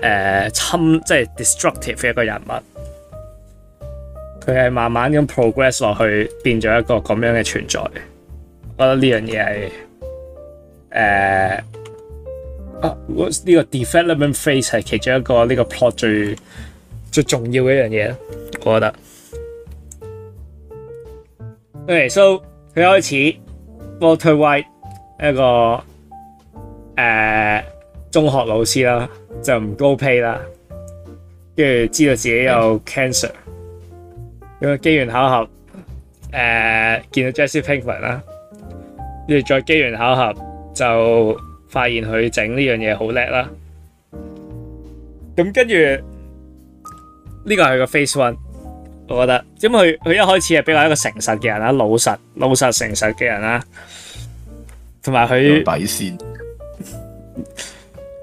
誒，侵即係 destructive 嘅一個人物，佢係慢慢咁 progress 落去，變咗一個咁樣嘅存在。我覺得呢樣嘢係誒啊，呢個 development phase 係其中一個呢個 plot 最最重要嘅一樣嘢咯。我覺得。誒，so 佢開始 Walter White 一個誒。中學老師啦，就唔高 pay 啦，跟住知道自己有 cancer，咁啊機緣巧合，誒、呃、見到 Jesse Pinkman 啦，跟住再機緣巧合就發現佢整呢樣嘢好叻啦，咁跟住呢個係個 face one，我覺得，因為佢佢一開始係比較一個誠實嘅人啦，老實老實誠實嘅人啦，同埋佢。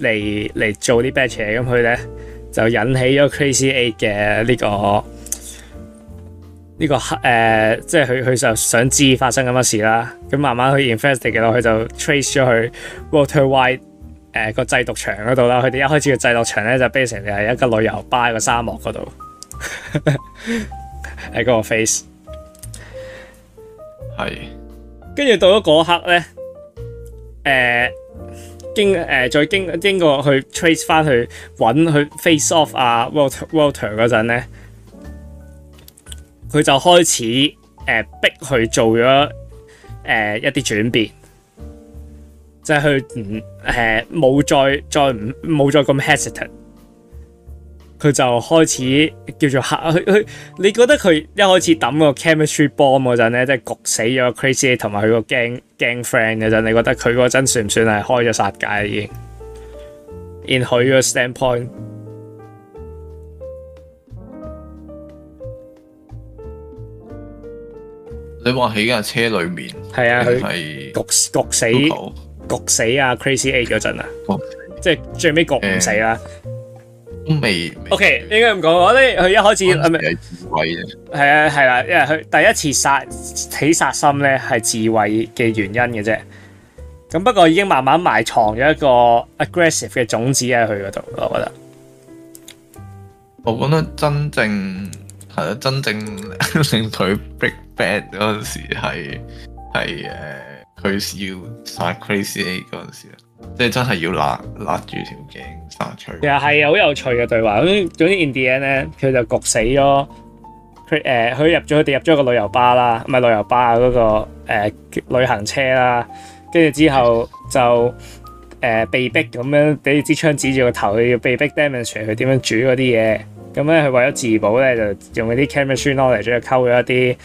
嚟嚟做啲 batch 嘢，咁佢咧就引起咗 Crazy Eight 嘅呢、這個呢、這個黑誒、呃，即係佢佢就想知發生緊乜事啦。咁慢慢佢 investigate 就 trace 咗去 Walter White、呃、誒、那個製毒場嗰度啦。佢哋一開始嘅製毒場咧就 basically 係一個旅遊巴喺個沙漠嗰度，喺 嗰個 face。係，跟住到咗嗰刻咧，誒、呃。經誒、呃、再經經過去 trace 翻去揾去 face off 啊，Walter Walter 嗰陣咧，佢就開始誒、呃、逼佢做咗誒、呃、一啲轉變，即係去唔誒冇再再唔冇再咁 hesitant。佢就開始叫做嚇佢佢，你覺得佢一開始抌個 chemistry bomb 嗰陣咧，即係焗死咗 Crazy Eight 同埋佢個驚驚 friend 嗰陣，你覺得佢嗰陣算唔算係開咗殺戒？已經 In 佢嘅 standpoint，你話喺架車裡面係啊，佢焗焗死焗死啊 Crazy Eight 嗰陣啊，即係最尾焗唔死啦。嗯未 OK，應該咁講，我覺得佢一開始係咪自衛啊？係啊，係啦，因為佢第一次殺起殺心咧，係自衛嘅原因嘅啫。咁不過已經慢慢埋藏咗一個 aggressive 嘅種子喺佢嗰度，我覺得。我覺得真正係啊，真正令佢 break bad 嗰陣時，係係誒，佢、呃、要殺 crazy a 嗰陣時即係、就是、真係要勒勒住條頸。其實係好有趣嘅對話，咁總之 Indian 咧，佢就焗死咗佢誒，佢、呃、入咗佢哋入咗個旅遊巴啦，唔係旅遊巴嗰、那個誒、呃、旅行車啦，跟住之後就誒、呃、被逼咁樣俾支槍指住個頭，要被逼 demonstrate 佢點樣煮嗰啲嘢，咁咧佢為咗自保咧就用嗰啲 chemistry knowledge 溝咗一啲誒、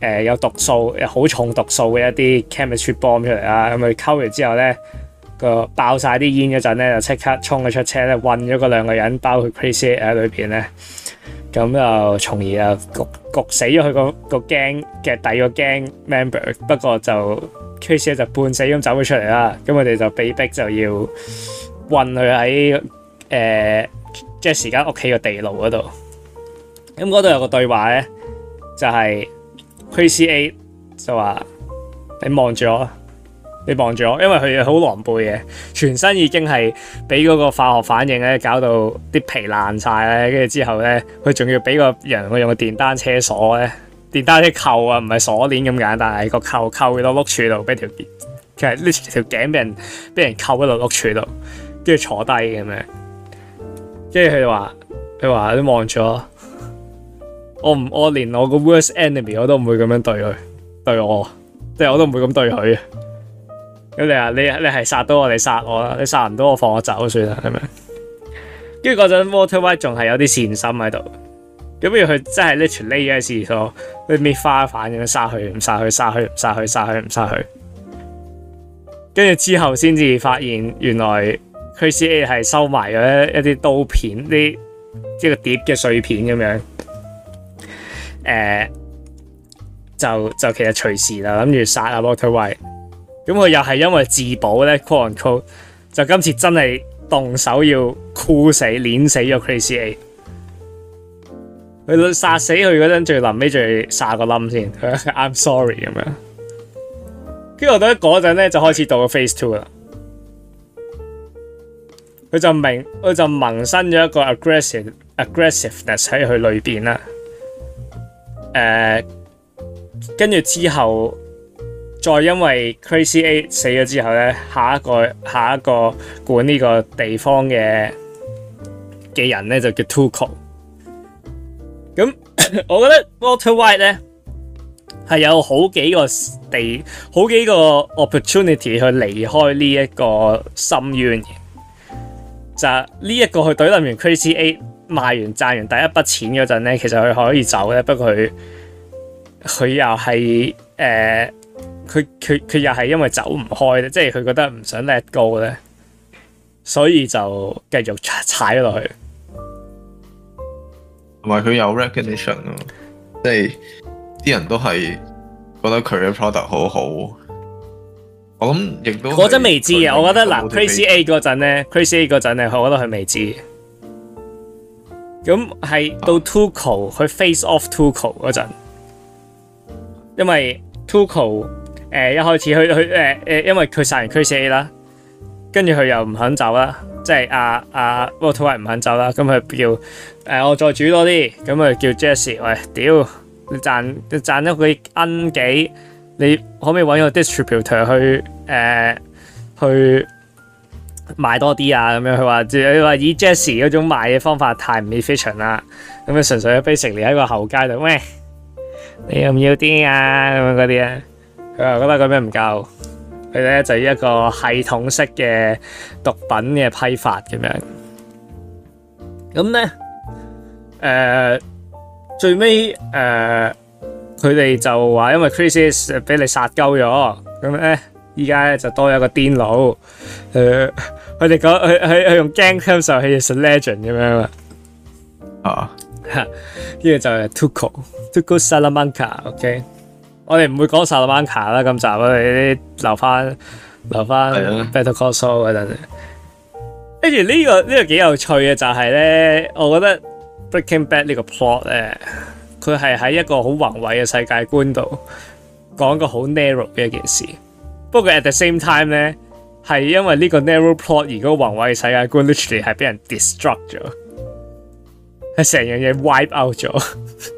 呃、有毒素好重毒素嘅一啲 chemistry bomb 出嚟啊，咁佢溝完之後咧。個爆晒啲煙嗰陣咧，就即刻衝咗出車咧，運咗兩個人包佢 Krazy-8 喺裏邊咧，咁就從而就焗焗死咗佢個個 gang 嘅第二個 gang member。不過就 Krazy-8 就半死咁走咗出嚟啦，咁我哋就被逼就要運佢喺誒 Jesse 間屋企嘅地牢嗰度。咁嗰度有個對話咧，就係 Krazy-8 就話你望住我。你望住我，因為佢好狼狽嘅，全身已經係俾嗰個化學反應咧，搞到啲皮爛晒咧，跟住之後咧，佢仲要俾個人，用個電單車鎖咧，電單車扣啊，唔係鎖鏈咁簡單，係個扣扣佢到碌柱度，俾條其實條頸俾人俾人扣喺度碌柱度，跟住坐低咁樣。跟住佢話佢話你望住我，我唔我連我個 worst enemy 我都唔會咁樣對佢，對我即係我都唔會咁對佢。咁你啊，你你係殺到我，你殺我啦，你殺唔到我，放我走算啦，係咪？跟住嗰陣，Walter White 仲係有啲善心喺度，咁不如佢真係 let it l 你 y 一次咯，去滅花粉咁樣殺佢，唔殺佢，殺佢，殺佢，殺佢，唔殺佢。跟住之後先至發現，原來佢先係收埋咗一啲刀片，啲即係碟嘅碎片咁樣。誒、呃，就就其實隨時就諗住殺啊，Walter White。咁佢又係因為自保咧，quote and quote，就今次真係動手要箍死、碾死咗 Crazy Eight。佢殺死佢嗰陣，最臨尾最殺個冧先，I'm sorry 咁樣。跟住我得嗰陣咧，就開始到 phase two 啦。佢就明，佢就萌生咗一個 aggressive、aggressiveness 喺佢裏邊啦。誒，跟住之後。再因為 Crazy 8死咗之後咧，下一個下一個管呢個地方嘅嘅人咧，就叫 Tuco。咁 我覺得 Walter White 咧係有好幾個地、好幾個 opportunity 去離開呢一個深淵嘅。就呢、係、一個去隊冧完 Crazy 8賣完賺完第一筆錢嗰陣咧，其實佢可以走咧，不過佢佢又係誒。呃佢佢佢又係因為走唔開咧，即係佢覺得唔想 let go 咧，所以就繼續踩落去。同埋佢有 recognition，即係啲人都係覺得佢嘅 product 好好。我諗亦都嗰陣未知啊，我覺得嗱，Crazy A 嗰陣咧，Crazy A 嗰陣咧，我覺得佢未、呃、知。咁係到 Tuco，佢 face off Tuco 嗰陣，因為 Tuco。誒、呃、一開始佢佢誒誒，因為佢殺人驚死啦，跟住佢又唔肯走啦，即係啊阿嗰個土人唔肯走啦，咁佢叫誒、呃、我再煮多啲。咁佢叫 Jesse 喂屌，你賺你賺咗佢銀幾，你可唔可以揾個 distributor 去誒、呃、去賣多啲啊？咁樣佢話你話以 Jesse 嗰種賣嘅方法太唔 efficient 啦，咁啊純粹喺 basement 喺個後街度喂，你要唔要啲啊？咁樣嗰啲啊～佢話：嗰班個咩唔夠？佢咧就以一個系統式嘅毒品嘅批發咁樣。咁咧，誒最尾誒佢哋就話因為 Chris 俾你殺鳩咗，咁咧依家咧就多咗個癲佬。誒，佢哋講佢佢佢用 Gangcam 上起住 The Legend 咁樣啊。嚇，呢個就係 Tuco Tuco Salamanca，OK。我哋唔會講薩拉班卡啦，咁集我哋留翻留翻 Better Call Saul 嗰陣。跟住呢個呢、呢個幾有趣嘅就係咧，我覺得 Breaking Bad 呢個 plot 咧，佢係喺一個好宏偉嘅世界觀度講一個好 narrow 嘅一件事。不過 at the same time 咧，係因為呢個 narrow plot 而嗰個宏偉嘅世界觀，literally 係俾人 destruct 咗，係成樣嘢 wipe out 咗。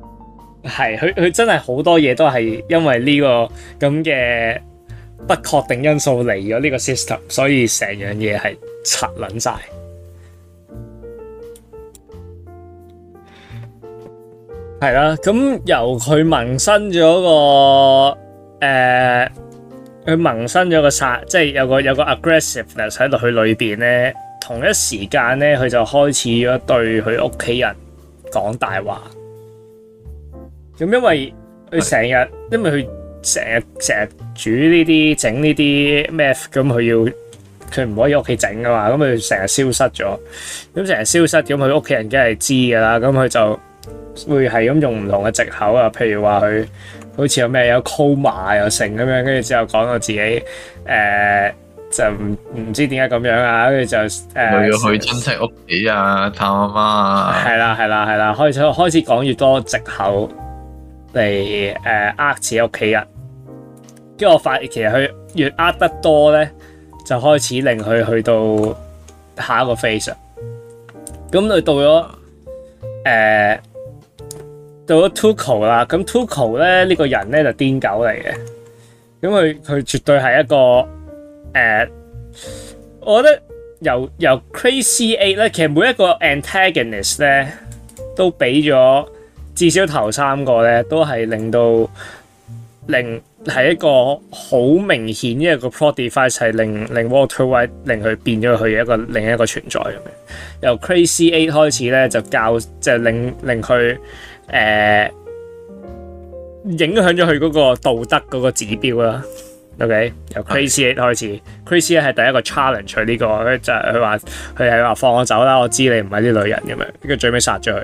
係，佢佢真係好多嘢都係因為呢、這個咁嘅不確定因素嚟咗呢個 system，所以成樣嘢係柒捻晒。係啦，咁由佢萌生咗個誒，佢、呃、萌生咗個殺，即係有個有個 aggressiveness 喺度。佢裏邊咧，同一時間咧，佢就開始咗對佢屋企人講大話。咁因為佢成日，因為佢成日成日煮呢啲整呢啲 meth 咁佢要佢唔可以喺屋企整噶嘛，咁佢成日消失咗，咁成日消失，咁佢屋企人梗係知噶啦，咁、嗯、佢就會係咁用唔同嘅藉口啊，譬如話佢好似有咩有 coma 又剩咁樣，跟住之後講到自己誒、呃、就唔唔知點解咁樣啊，跟住就、呃、我要去親戚屋企啊探阿媽啊，係啦係啦係啦，開始開始講越多藉口。嚟誒呃自己屋企人，跟住我發現，其實佢越呃得多咧，就開始令佢去到下一個 phase。咁佢到咗誒、呃，到咗 Tuco 啦。咁 Tuco 咧呢、這個人咧就癲狗嚟嘅，咁佢佢絕對係一個誒、呃，我覺得由由 Crazy Eight 咧，其實每一個 antagonist 咧都俾咗。至少頭三個咧，都係令到令係一個好明顯嘅個 plot device，係令令 Walter White 令佢變咗佢嘅一個另一個存在，咁樣由 Crazy Eight 開始咧，就教即係令令佢誒、呃、影響咗佢嗰個道德嗰個指標啦。OK，由 Crazy Eight 開始是，Crazy Eight 係第一個 challenge 住呢、呢個，佢就係佢話佢係話放我走啦，我知你唔係啲女人咁樣，跟住最尾殺咗佢。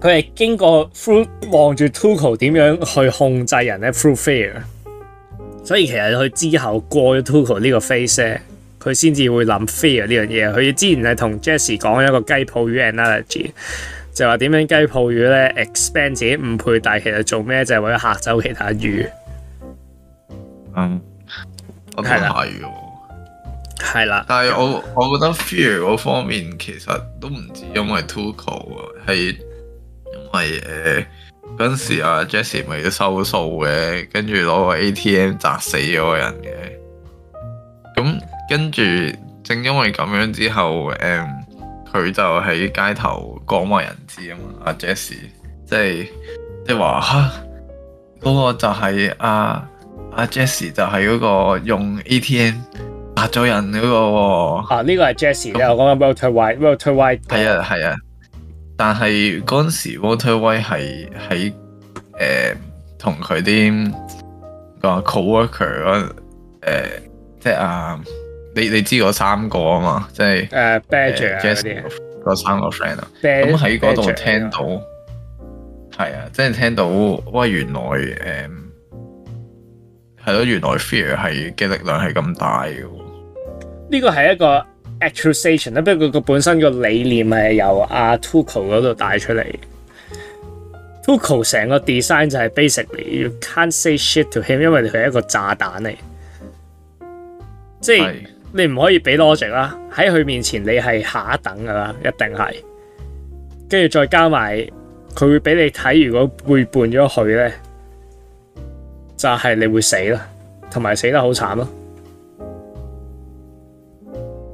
佢係經過 through 望住 Tuco 點樣去控制人咧 through fear。所以其實佢之後過咗 Tuco 呢個 phase，佢先至會諗 fear 呢樣嘢。佢之前係同 Jesse 講一個雞泡魚 analogy，就話點樣雞泡魚咧 expand 自己唔配帶，但其實做咩就係為咗嚇走其他魚。嗯，我睇係喎，係啦。但係我我覺得 fear 嗰方面其實都唔止因為 Tuco 啊，係。係誒，嗰陣時阿 Jesse 咪要收數嘅，跟住攞個 ATM 砸死咗個人嘅。咁跟住正因為咁樣之後，誒，佢就喺街頭廣為人知啊嘛。阿 Jesse 即係即係話吓，嗰個就係阿阿 Jesse 就係嗰個用 ATM 砸咗人嗰個。啊，呢個係 Jesse，你又講緊 Walter White，Walter White 係啊係啊。但係嗰陣時，Walter White 係喺誒同佢啲個 co-worker 嗰、呃、即係啊，你你知嗰三個啊嘛，即係誒、uh,，Badger 嗰、呃、三個 friend Bad, 那那啊，咁喺嗰度聽到係啊，即係聽到喂，原來誒係咯，原來 Fear 係嘅力量係咁大嘅喎。呢個係一個。Accusation 咧，不過佢本身個理念係由阿 Tuco 嗰度帶出嚟。Tuco 成個 design 就係 basically you can't say shit to him，因為佢係一個炸彈嚟，即係你唔可以俾 logic 啦。喺佢面前，你係下等噶啦，一定係。跟住再加埋，佢會俾你睇，如果背叛咗佢咧，就係你會死啦，同埋死得好慘咯。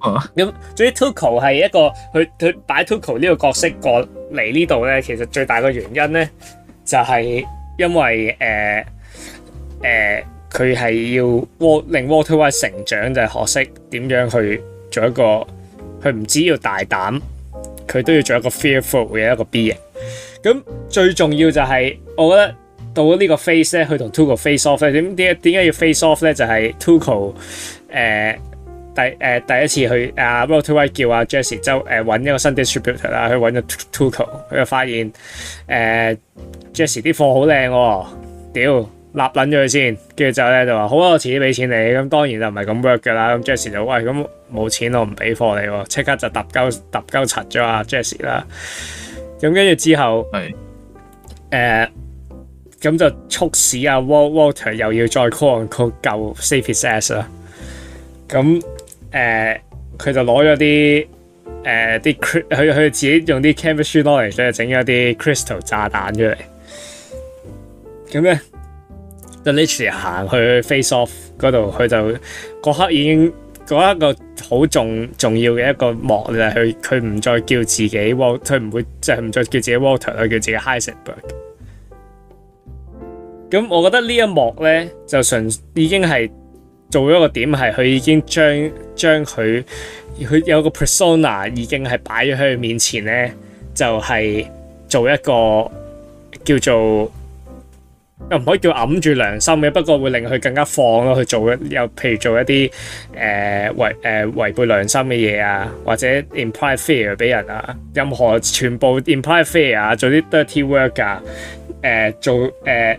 咁、啊，總之 Tuco 係一個佢去擺 Tuco 呢個角色過嚟呢度咧，其實最大嘅原因咧，就係、是、因為誒誒，佢、呃、係、呃、要 Walt，令 Walter White 成長，就係、是、學識點樣去做一個佢唔只要大膽，佢都要做一個 Fearful 嘅一個 B 嘅。咁最重要就係、是，我覺得到咗呢個 face 咧，佢同 Tuco face off 咧，點點點解要 face off 咧？就係、是、Tuco 誒、呃。誒，誒、呃，第一次去啊 Walter 叫阿、啊、Jesse，就誒搵、呃、一個新 distributor 啦，去搵咗 Tuco，佢就發現誒、呃、Jesse 啲貨好靚，屌，立捻咗佢先，跟住之後咧就話，好多我遲啲俾錢你，咁當然就唔係咁 work 噶啦。咁 Jesse 就喂，咁冇錢我唔俾貨你，即刻就搭鳩搭鳩柒咗阿 Jesse 啦，咁跟住之後，誒，咁、呃、就促使啊 Walter 又要再 call 佢舊 Safe House 啦，咁。誒、呃，佢就攞咗啲誒啲 cr，佢佢自己用啲 chemistry knowledge 咧，整咗啲 crystal 炸彈出嚟。咁咧，literally 行去 face off 度，佢就嗰刻已經嗰一個好重重要嘅一個幕咧，佢佢唔再叫自己 Walter，佢唔會即係唔再叫自己 Walter，佢叫自己 Heisenberg。咁我覺得呢一幕咧就純已經係。做咗一個點係，佢已經將將佢佢有個 persona 已經係擺咗喺佢面前咧，就係、是、做一個叫做又唔可以叫揞住良心嘅，不過會令佢更加放咯，去做一又譬如做一啲誒違誒違背良心嘅嘢啊，或者 imply fear 俾人啊，任何全部 imply fear 啊，做啲 dirty work 噶、啊，誒、呃、做誒。呃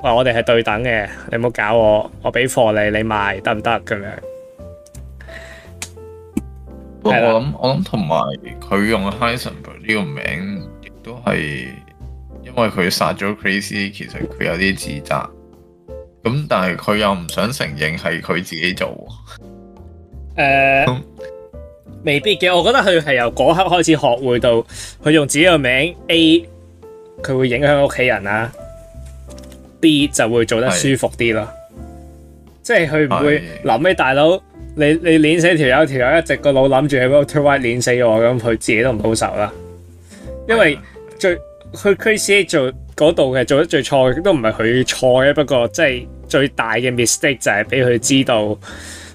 話我哋係對等嘅，你唔好搞我，我俾貨你，你賣得唔得咁樣？不過我諗，我諗同埋佢用 Heisenberg 呢個名，亦都係因為佢殺咗 Crazy，其實佢有啲自責。咁但係佢又唔想承認係佢自己做。誒、uh, 未必嘅，我覺得佢係由嗰刻開始學會到，佢用自己個名 A，佢會影響屋企人啊。啲就會做得舒服啲咯，即係佢唔會諗起大佬，你你碾死條友，條友一直個腦諗住喺度 try 碾死我，咁佢自己都唔好受啦。因為最佢 c r 做嗰度嘅做得最錯的，都唔係佢錯嘅，不過即係最大嘅 mistake 就係俾佢知道，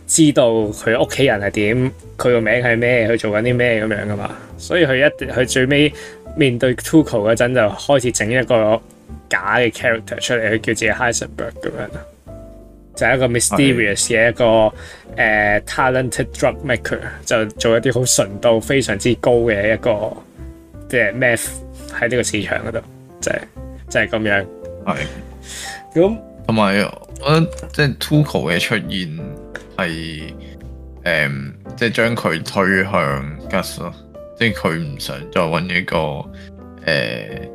知道佢屋企人係點，佢個名係咩，佢做緊啲咩咁樣噶嘛。所以佢一佢最尾面對 Tuco 嗰陣就開始整一個。假嘅 character 出嚟，佢叫自己 Heisenberg 咁樣，就是、一個 mysterious 嘅一個誒、呃、talented drug maker，就做一啲好純度非常之高嘅一個嘅 meth 喺呢個市場嗰度，就係、是、就係、是、咁樣。係。咁同埋，我覺得即係 Tuco 嘅出現係誒、嗯，即係將佢推向 Gus 咯，即係佢唔想再搵一個誒。呃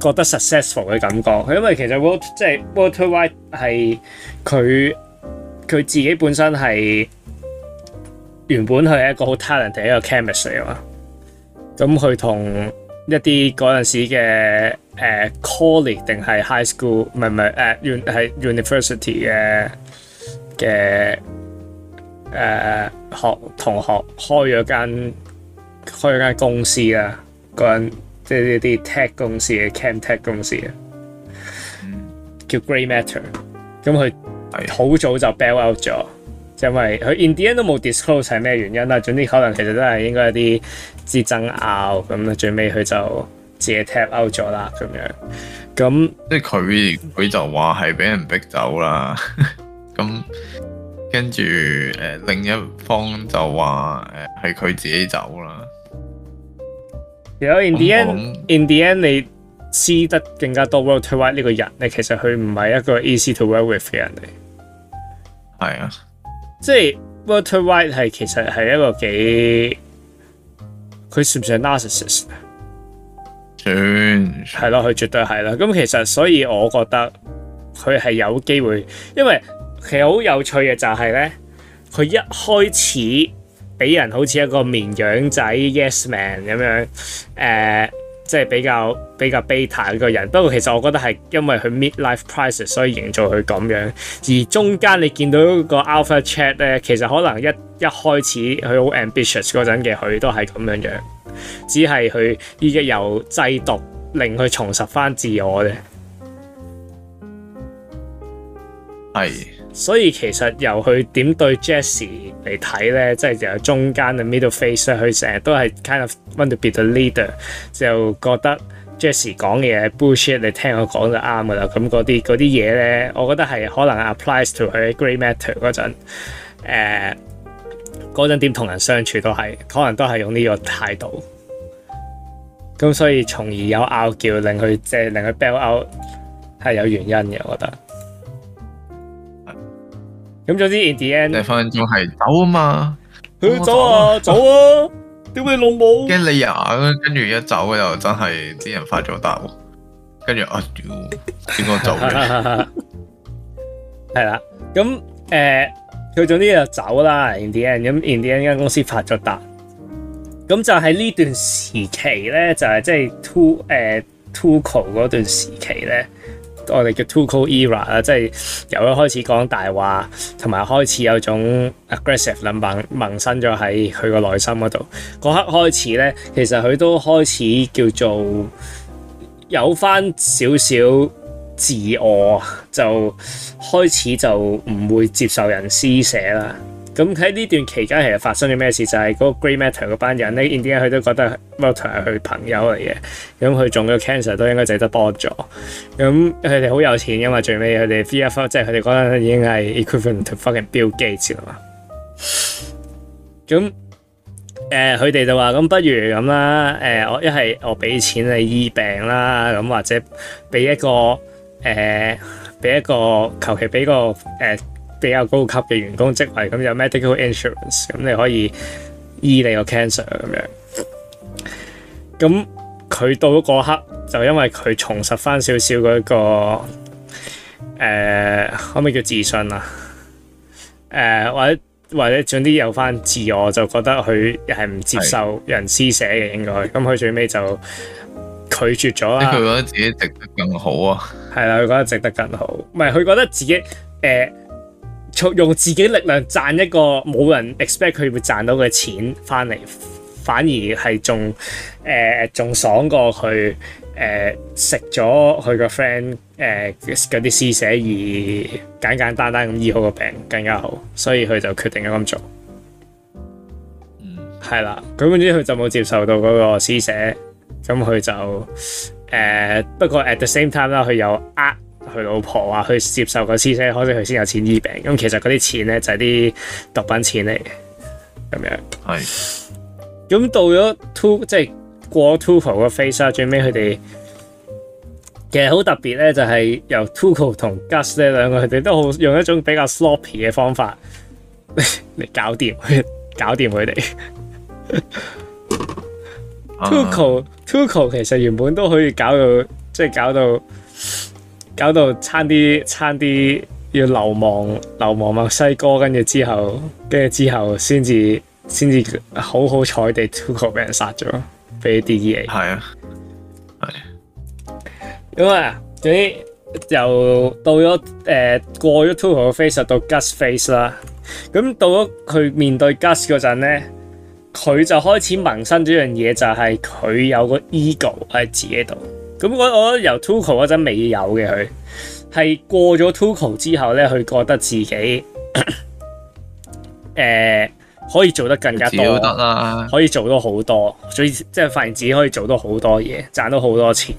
覺得 successful 嘅感覺，因為其實 Walter 即係 Walter White 係佢佢自己本身係原本係一個好 talented 嘅一個 chemist 嚟嘛。咁佢同一啲嗰陣時嘅誒 college 定係 high school 唔係唔係，誒，係 university 嘅嘅誒學同學開咗間開咗間公司啊，個人。即係呢啲 tech 公司嘅 cam tech 公司嘅、嗯，叫 Grey Matter，咁佢好早就 bell out 咗，就因為佢 in the end 都冇 disclose 係咩原因啦。總之可能其實都係應該有啲資爭拗咁啦，最尾佢就自己 tap out 咗啦，咁樣。咁即係佢佢就話係俾人逼走啦，咁 跟住誒、呃、另一方就話誒係佢自己走啦。而 you know, in the end，in、嗯嗯、the end 你知得更加多。Walter White 呢個人咧，其實佢唔係一個 easy to work with 嘅人嚟，係啊，即係 Walter White 係其實係一個幾，佢算唔算 narcissist？算係咯，佢絕對係啦。咁其實所以我覺得佢係有機會，因為其實好有趣嘅就係咧，佢一開始。俾人好似一個綿羊仔，yes man 咁樣，誒、uh，即係比較比較 beta 嘅人。不過其實我覺得係因為佢 midlife crisis，所以營造佢咁樣。而中間你見到個 alpha chat 咧，其實可能一一開始佢好 ambitious 嗰陣嘅佢都係咁樣樣，只係佢依家由製毒令佢重拾翻自我咧。係、hey。所以其實由佢點對 Jesse 嚟睇咧，即係由中間嘅 middle phase 咧，佢成日都係 kind of want to be the leader，就覺得 Jesse 講嘢 bullshit，你聽我講就啱噶啦。咁嗰啲嗰啲嘢咧，我覺得係可能 applies to 佢 grey matter 嗰陣，呃，誒嗰陣點同人相處都係可能都係用呢個態度。咁所以從而有拗撬，令佢即係令佢 bell out，係有原因嘅，我覺得。咁總之 i n d i e n 份仲係走啊嘛，佢、欸、走啊，走啊，屌 你老母驚你呀、啊？咁跟住一走又真係啲人發咗達，跟住啊屌點點解走嘅？係 啦， 咁誒，佢、呃、總之又走啦，Indian 咁 i n d n 間公司發咗達，咁就喺呢段時期咧，就係即係 to 誒 Tuco 嗰段時期咧。我哋叫 Tuco era 啊，即係由一開始講大話，同埋開始有種 aggressive，萌萌生咗喺佢個內心嗰度。嗰刻開始咧，其實佢都開始叫做有翻少少自我，就開始就唔會接受人施捨啦。咁喺呢段期間，其實發生咗咩事？就係、是、嗰個 Grey Matter 嗰班人咧，點解佢都覺得 Walter 係佢朋友嚟嘅，咁佢中咗 cancer 都應該值得多咗。咁佢哋好有錢，㗎嘛，最尾佢哋 via 即係佢哋嗰陣已經係 equivalent to fucking Bill Gates 啦嘛。咁佢哋就話：咁、呃、不如咁啦、呃，我一係我俾錢你醫病啦，咁或者俾一個畀俾、呃、一個求其俾個比較高級嘅員工職位咁有 medical insurance，咁你可以醫你個 cancer 咁樣。咁佢到嗰刻，就因為佢重拾翻少少嗰個、呃、可唔可以叫自信啊？誒、呃，或者或者總之有翻自我，我就覺得佢又係唔接受人施捨嘅，應該咁佢最尾就拒絕咗啦。佢覺得自己值得更好啊，係啦，佢覺得值得更好，唔係佢覺得自己誒。呃用自己力量賺一個冇人 expect 佢會賺到嘅錢翻嚟，反而係仲誒仲爽過去誒食咗佢個 friend 誒嗰啲施捨而簡簡單單咁醫好個病更加好，所以佢就決定咁做。嗯，係啦，咁之佢就冇接受到嗰個施捨，咁佢就誒、呃、不過 at the same time 啦、啊，佢有呃。佢老婆話：佢接受個師姐，開始佢先有錢醫病。咁其實嗰啲錢咧就係啲毒品錢嚟嘅，咁樣。係、哎。咁到咗 Tuko 即係過 Tuko 嘅 face 啊，最尾佢哋其實好特別咧，就係由 Tuko 同 Gus 咧兩個佢哋都好用一種比較 sloppy 嘅方法嚟搞掂佢，搞掂佢哋。Tuko，Tuko、uh -huh. Tuko 其實原本都可以搞到，即係搞到。搞到差啲，差啲要流亡，流亡墨西哥，跟住之後，跟住之後先至，先至好好彩地 Tuco 俾人殺咗，俾啲嘢。係啊，係。咁啊，總之又到咗誒，過咗 Tuco 嘅 face 就到 Gus face 啦。咁到咗佢面對 Gus 嗰陣咧，佢就開始萌生呢樣嘢，就係、是、佢有個 ego 喺自己度。咁我我覺得由 Tuco 嗰陣未有嘅佢，係過咗 Tuco 之後咧，佢覺得自己誒、 呃、可以做得更加多得啦，可以做到好多，所以即係發現自己可以做到好多嘢，賺到好多錢，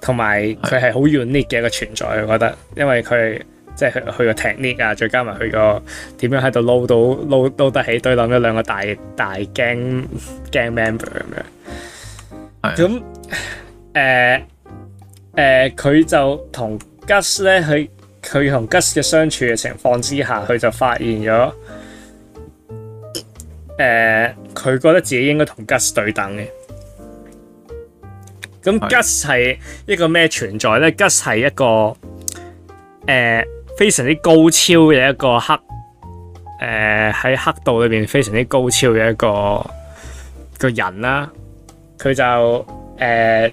同埋佢係好 unique 嘅一個存在。我覺得，因為佢即係佢個 technic 啊，再加埋佢個點樣喺度撈到撈撈得起堆冧咗兩個大大 gang gang member 咁樣，咁。誒、呃、誒，佢、呃、就同 Gus 咧，佢佢同 Gus 嘅相處嘅情況之下，佢就發現咗，誒、呃，佢覺得自己應該同 Gus 對等嘅。咁 Gus 係一個咩存在咧？Gus 係一個誒、呃、非常之高超嘅一個黑，誒、呃、喺黑道裏邊非常之高超嘅一個一個人啦。佢就誒、呃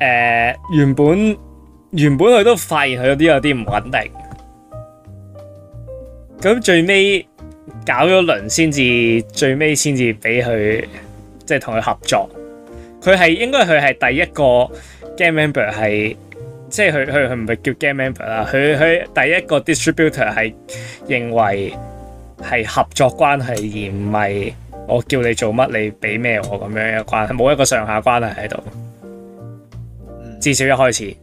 誒、uh，原本原本佢都發現佢有啲有啲唔穩定，咁最尾搞咗輪先至，最尾先至俾佢即係同佢合作。佢係應該佢係第一個 Game Member 係，即係佢佢佢唔係叫 Game Member 啦，佢佢第一個 Distributor 係認為係合作關係而唔係我叫你做乜你俾咩我咁樣嘅關係，冇一個上下關係喺度。至少一開始、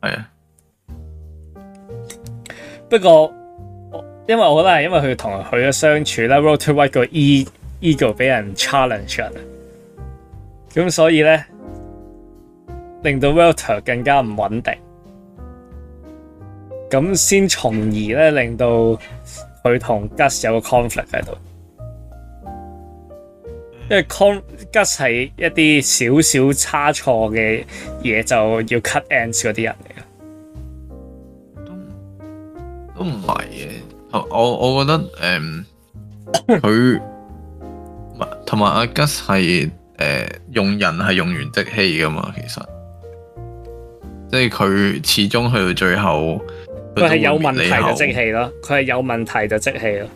嗯，不過，因為我覺得係因為佢同佢嘅相處咧，Walter White 個 ego 俾人 challenge，咁所以咧，令到 Walter 更加唔穩定，咁先從而咧令到佢同 Gus 有個 conflict 喺度。因為 Gus 係一啲少少差錯嘅嘢，就要 cut ends 嗰啲人嚟噶，都唔都唔係嘅。我我覺得誒，佢同埋阿 Gus 係誒用人係用完即棄噶嘛，其實即係佢始終去到最後，佢係有問題嘅即棄咯。佢係有問題就即棄咯，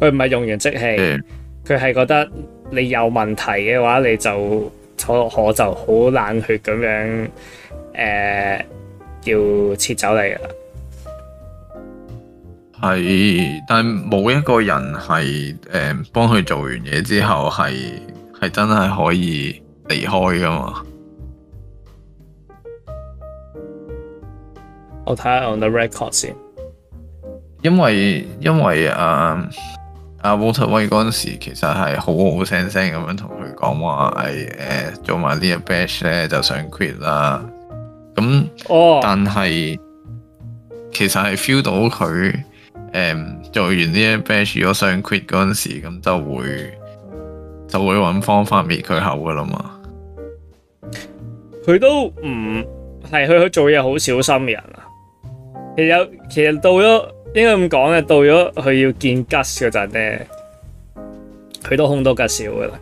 佢唔係用完即棄，佢係覺得。你有問題嘅話，你就坐落，我就好冷血咁樣誒，要撤走你啦。係，但係冇一個人係誒、呃、幫佢做完嘢之後係係真係可以離開㗎嘛？我睇下《On the Record》先，因為因為啊。呃阿 Walter 威嗰陣時其好好聲聲，哎 oh，其實係好好聲聲咁樣同佢講話，係、嗯、誒做埋呢隻 batch 咧，就想 quit 啦。咁，但係其實係 feel 到佢誒做完呢隻 batch 如果想 quit 嗰陣時，咁就會就會揾方法滅佢口噶啦嘛。佢都唔係佢，佢做嘢好小心嘅人啊。其實有其實到咗。應該咁講，到咗佢要見吉 u 嗰陣咧，佢都空多吉少噶啦。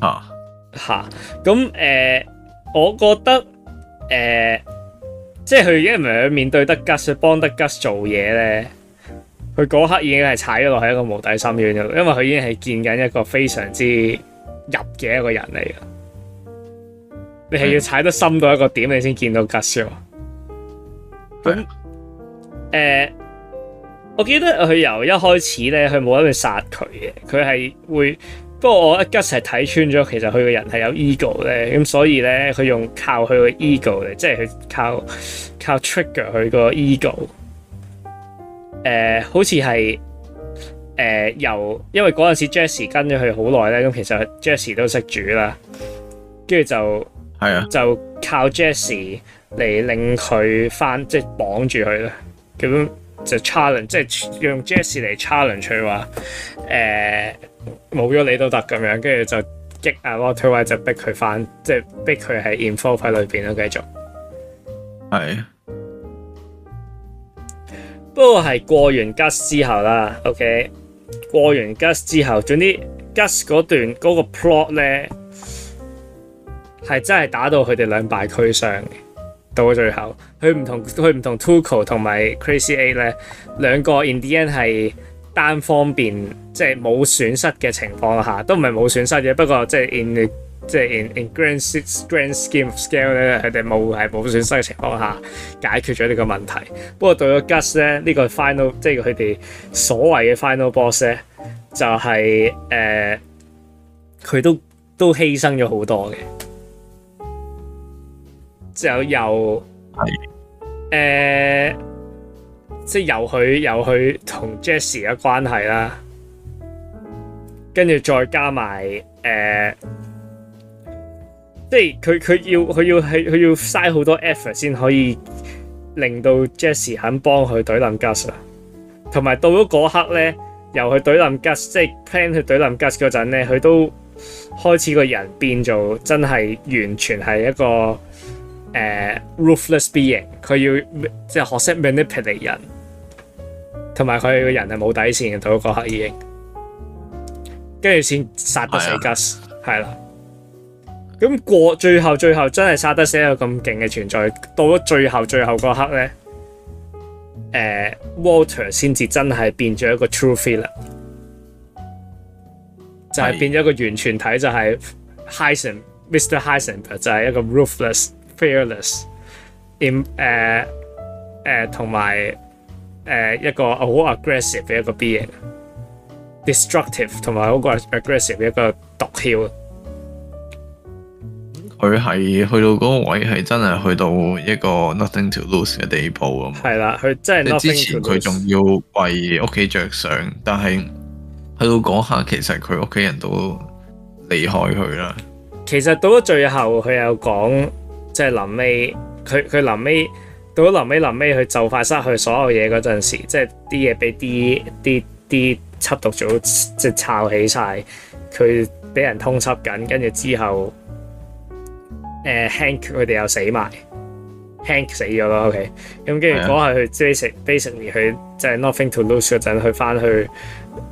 吓、啊、咁、啊、誒、呃，我覺得誒、呃，即係佢已經唔係面對得吉 u 幫幫得吉做嘢咧。佢嗰刻已經係踩咗落喺一個無底深淵度，因為佢已經係見緊一個非常之入嘅一個人嚟嘅。你係要踩得深到一個點，你先見到吉少、嗯。嗯咁誒、呃，我記得佢由一開始咧，佢冇諗去殺佢嘅，佢係會。不過我一吉成係睇穿咗，其實佢個人係有 ego 咧，咁所以咧，佢用靠佢個 ego 嚟，即係佢靠靠 trigger 佢個 ego、呃。誒，好似係誒，由因為嗰陣時 Jesse 跟咗佢好耐咧，咁其實 Jesse 都識煮啦，跟住就係啊，就靠 Jesse。嚟令佢翻，即係綁住佢啦。咁就 challenge，即係用 Jesse 嚟 challenge，佢話，誒冇咗你都得咁樣。跟住就激啊 Walter 就逼佢翻，即係逼佢係 involve 喺裏邊咯。繼續係，不過係過完 Gus 之後啦。OK，過完 Gus 之後，總之 Gus 嗰段嗰、嗰個 plot 咧，係真係打到佢哋兩敗俱傷。到最後，佢唔同佢唔同 Tuco 同埋 Crazy Eight 咧，兩個 Indian 係單方面，即係冇損失嘅情況下，都唔係冇損失嘅。不過即係 in 即係 in in grand s grand scheme of scale 咧，佢哋冇係冇損失嘅情況下解決咗呢個問題。不過到咗 Gus 咧，呢個 final 即係佢哋所謂嘅 final boss 咧，就係誒佢都都犧牲咗好多嘅。就由誒，即係、呃就是、由佢由佢同 Jessie 嘅關係啦，跟住再加埋誒，即係佢佢要佢要佢佢要嘥好多 effort 先可以令到 Jessie 肯幫佢懟冧 Gus，啦，同埋到咗嗰刻咧，由佢懟冧 Gus，即係 plan 去懟冧 Gus 嗰陣咧，佢都開始個人變做真係完全係一個。誒、uh,，ruthless being 佢要即係、就是、學識 manipulate 人，同埋佢個人係冇底線嘅，到嗰刻已經，跟住先殺得死 Gus，係、哎、啦。咁過最後最後真係殺得死有咁勁嘅存在，到咗最後最後嗰刻咧，誒、uh,，Walter 先至真係變咗一個 true feel 啦、哎，就係、是、變咗一個完全體，就係 Heisen，Mr Heisen，就係一個 ruthless。Fearless，in 誒、嗯、誒同、呃、埋誒、呃呃、一個好 aggressive 嘅一個 being destructive 同埋好個 aggressive 嘅一個毒梟。佢係去到嗰個位係真係去到一個 nothing to lose 嘅地步啊！係啦，佢真係。你之前佢仲要為屋企着想，但係去到講下，其實佢屋企人都離開佢啦。其實到咗最後，佢又講。即係臨尾，佢佢臨尾到咗臨尾臨尾，佢就快失去所有嘢嗰陣時，即係啲嘢俾啲啲啲緝毒組即係抄起晒，佢俾人通緝緊，跟住之後，誒、呃、，Hank 佢哋又死埋，Hank 死咗咯，OK，咁跟住嗰係去 Basically 佢即係 Nothing to lose 嗰陣，佢翻去誒、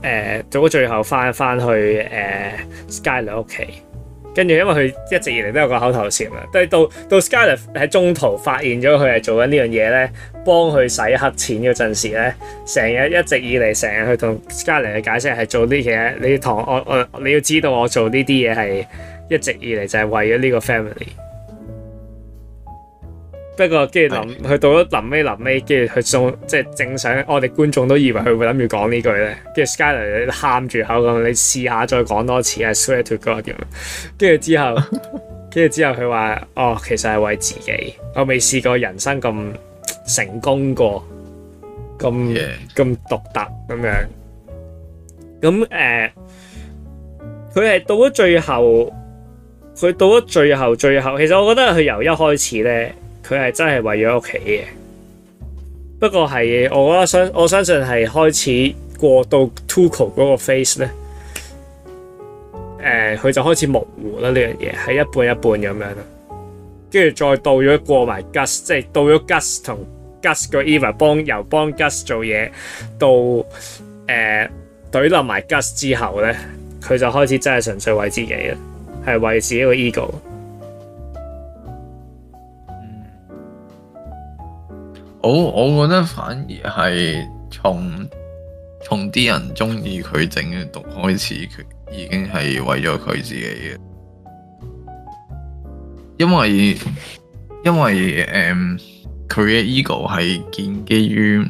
呃，到咗最後翻翻去誒、呃、Skyler 屋企。跟住，因為佢一直以嚟都有個口頭禪，但係到到 Skyler 喺中途發現咗佢係做緊呢樣嘢呢，幫佢洗黑錢嗰陣時呢，成日一直以嚟，成日去同 Skyler 嘅解釋係做啲嘢，你要同我我你要知道我做呢啲嘢係一直以嚟就係為咗呢個 family。不過跟住臨，佢到咗臨尾臨尾，跟住佢仲即係正想，我哋觀眾都以為佢會諗住講呢句咧。跟住 Skyler 喊住口咁，你試下再講多次，I swear to God 咁。跟住之後，跟住之後佢話哦，其實係為自己，我未試過人生咁成功過，咁咁獨特咁樣。咁誒，佢、呃、係到咗最後，佢到咗最後最後，其實我覺得佢由一開始咧。佢係真係為咗屋企嘅，不過係，我覺得我相我相信係開始過到 Tuco 嗰個 phase 咧，誒、呃，佢就開始模糊啦呢樣嘢，係、這個、一半一半咁樣，跟住再到咗過埋 Gus，即係到咗 Gus 同 Gus 個 Eva 幫由幫 Gus 做嘢，到誒懟冧埋 Gus 之後咧，佢就開始真係純粹為自己啦，係為自己個 ego。好，我覺得反而係從從啲人鍾意佢整嘅毒開始，佢已經係為咗佢自己嘅，因為因為誒，佢嘅 ego 係建基於誒、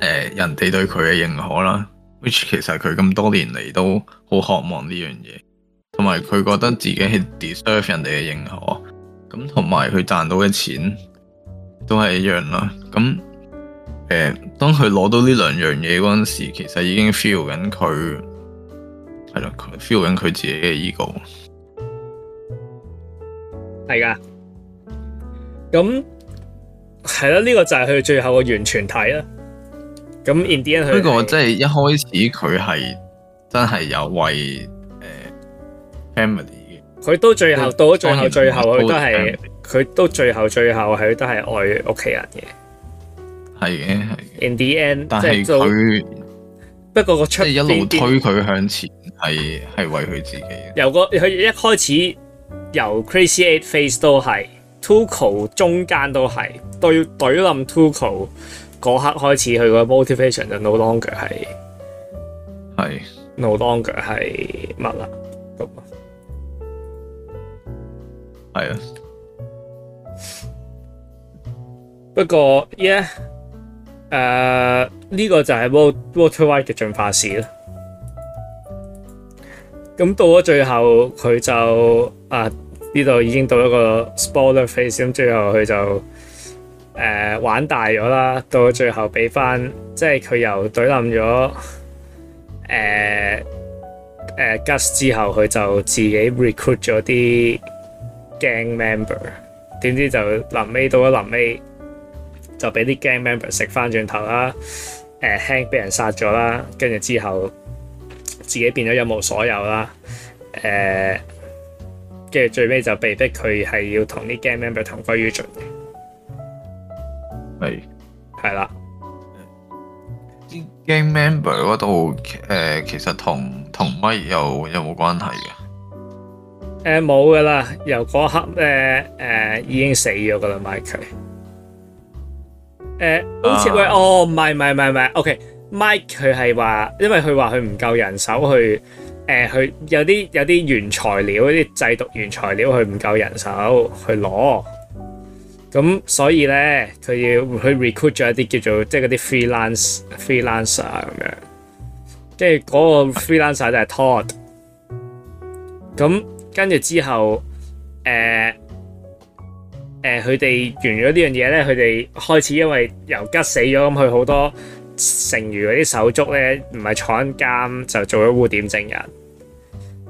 嗯、人哋對佢嘅認可啦，which 其實佢咁多年嚟都好渴望呢樣嘢，同埋佢覺得自己係 deserve 人哋嘅認可，咁同埋佢賺到嘅錢。都係一樣啦，咁誒，當佢攞到呢兩樣嘢嗰陣時，其實已經 feel 緊佢係 feel 緊佢自己嘅 ego，係噶，咁係啦，呢、這個就係佢最後嘅完全體啦。咁 in the end 不過真係一開始佢係真係有為誒 family 嘅，佢都最後到咗、呃、最後，最後佢都係。他都是佢都最後最後佢都係愛屋企人嘅，係嘅係。In the end，但係佢、即係、不過個出、即係、一路推佢向前係係為佢自己。由個佢一開始由 Crazy Eight Face 都係 Tuco 中間都係對毒冧 Tuco 嗰刻開始，佢個 motivation 就 no longer 係係 no longer 係乜啦咁啊，係啊。不過依誒呢個就係 Walter White 嘅進化史啦。咁到咗最後佢就啊呢度已經到了一個 spoiler phase 咁，最後佢就誒、uh，玩大咗啦。到咗最後畀翻即係佢又懟冧咗誒誒 Gus 之後，佢就自己 recruit 咗啲 gang member，點知就臨尾到咗臨尾。就俾啲 gang member 食翻轉頭啦，誒 Hank 俾人殺咗啦，跟住之後自己變咗一無所有啦，誒、啊，跟住最尾就被逼佢係要同啲 gang member 同歸於盡。係，係啦。啲 gang member 嗰度誒，其實同同 Mike 有有冇關係嘅？誒冇噶啦，由嗰刻誒誒、啊啊、已經死咗噶啦，Mike 佢。誒，好似佢哦，唔係唔係唔係唔係，OK，Mike、okay. 佢係話，因為佢話佢唔夠人手去，誒，佢有啲有啲原材料，啲製毒原材料，佢唔夠人手去攞，咁所以咧，佢要佢 recruit 咗一啲叫做即係嗰啲 freelance freelancer 咁樣，即係嗰個 freelancer 就係 Todd，咁跟住之後，誒、呃。誒佢哋完咗呢樣嘢咧，佢哋開始因為由吉死咗咁，佢好多剩餘嗰啲手足咧，唔係坐緊監就做咗污點證人。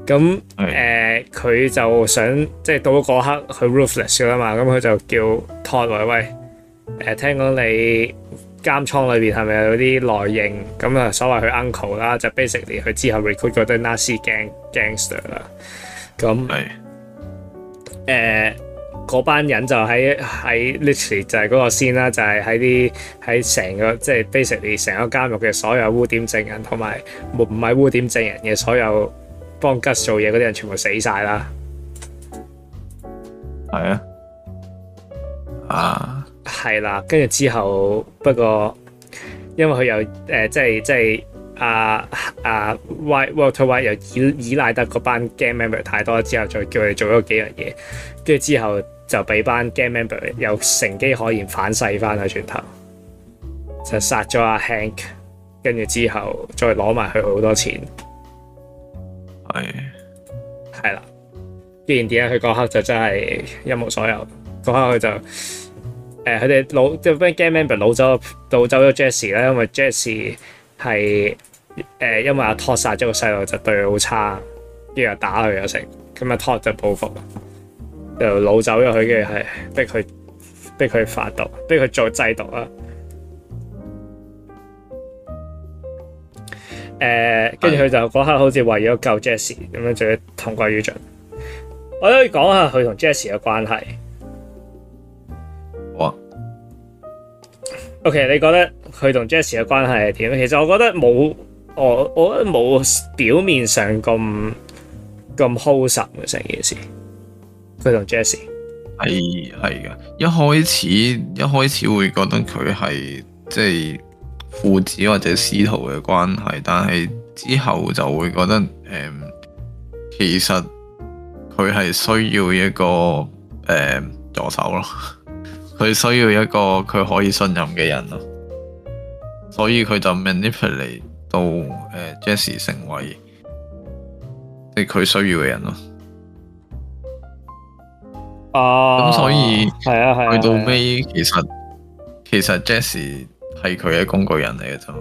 咁誒佢就想，即係到咗嗰刻佢 ruthless 噶啦嘛，咁佢就叫 Todd 嚟，喂誒，聽講你監倉裏邊係咪有啲內應？咁啊所謂佢 uncle 啦，就 basically 佢之後 recruit 咗啲 Nazi gang gangster 啦。咁誒。嗰班人就喺喺 literally 就係嗰個先啦，就係喺啲喺成個即係、就是、basically 成個監獄嘅所有污點證人同埋唔唔係污點證人嘅所有幫 Gus 做嘢嗰啲人全部死晒啦。係啊，啊係啦，跟住之後不過因為佢又誒即係即係啊啊 White Walter White 又依依賴得嗰班 game member 太多之後，再叫佢做咗幾樣嘢，跟住之後。就俾班 game member 有乘機可言反噬翻去轉頭，就殺咗阿 Hank，跟住之後再攞埋佢好多錢，係、哎，係啦。然之後佢嗰刻就真係一無所有，嗰刻佢就佢哋、呃、老即係 game member 老咗老走咗 Jesse 啦、呃，因為 Jesse 係因為阿 Todd 殺咗個細路就對佢好差，跟住又打佢又成，咁阿 Todd 就報復。.就擄走咗佢嘅系，逼佢逼佢販毒，逼佢做製毒啊！誒、呃，跟住佢就嗰刻好似為咗救 Jesse 咁樣，就要同歸於盡。我可以講下佢同 Jesse 嘅關係。好 OK，你覺得佢同 Jesse 嘅關係點？其實我覺得冇，我我覺得冇表面上咁咁 hold 實嘅成件事。非常 Jesse 係，係嘅，一開始一開始會覺得佢係即係父子或者師徒嘅關係，但係之後就會覺得誒、嗯，其實佢係需要一個誒、嗯、助手咯，佢需要一個佢可以信任嘅人咯，所以佢就 manipulate 到誒、嗯、Jesse 成為即係佢需要嘅人咯。哦，咁所以係啊，係啊，去到尾其實其實 Jesse 係佢嘅工具人嚟嘅啫嘛，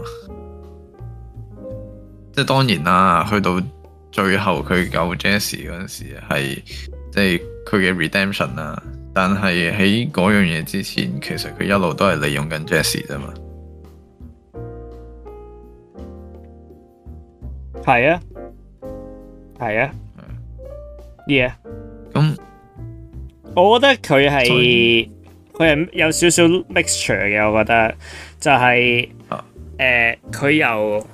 即係當然啦，去到最後佢、啊啊就是、救 Jesse 嗰陣時係即係佢嘅 redemption 啦，但係喺嗰樣嘢之前，其實佢一路都係利用緊 Jesse 啫嘛。係啊，係啊，嗯，yeah。我覺得佢係佢係有少少 mixture 嘅，我覺得就係誒佢由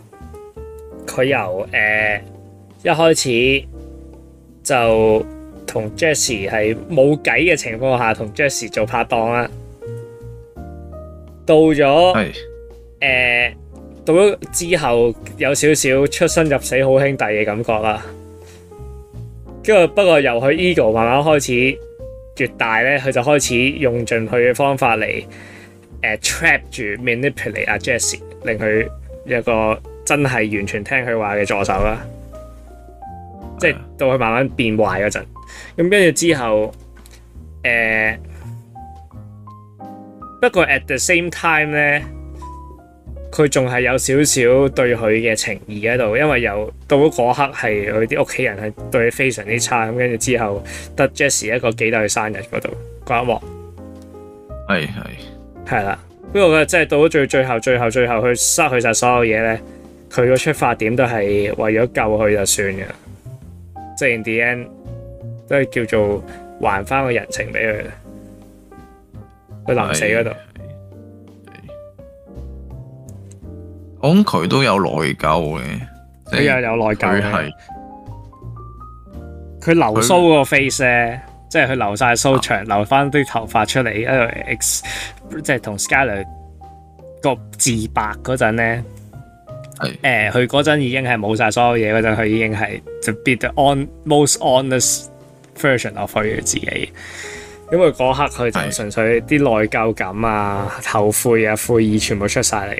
佢由誒、呃、一開始就同 Jesse 係冇計嘅情況下，同 Jesse 做拍檔啦，到咗誒、呃、到咗之後有少少出生入死好兄弟嘅感覺啦，跟住，不過由佢 Ego 慢慢開始。越大咧，佢就開始用盡佢嘅方法嚟 trap、呃、住、manipulate 阿 Jesse 令佢一個真係完全聽佢話嘅助手啦。即係到佢慢慢變壞嗰陣，咁跟住之後誒、呃，不過 at the same time 咧。佢仲係有少少對佢嘅情意喺度，因為有到咗嗰刻，係佢啲屋企人係對佢非常之差，咁跟住之後得 Jesse 一個紀念佢生日嗰度一幕，係係係啦。不過佢真係到咗最最後最後最後，佢失去晒所有嘢咧，佢個出發點都係為咗救佢就算嘅，即係 in the end 都係叫做還翻個人情俾佢，佢臨死嗰度。是講佢都有內疚嘅，佢、就、又、是、有內疚的。佢，係佢留鬚嗰個 face 咧，即係佢留晒鬚長，留翻啲頭髮出嚟，喺度 x 即係同 Skyler 個自白嗰陣咧，誒，佢嗰陣已經係冇晒所有嘢嗰陣，佢已經係就 be the on most honest version of 佢自己。因為嗰刻佢就純粹啲內疚感啊、後悔啊、悔意全部出晒嚟。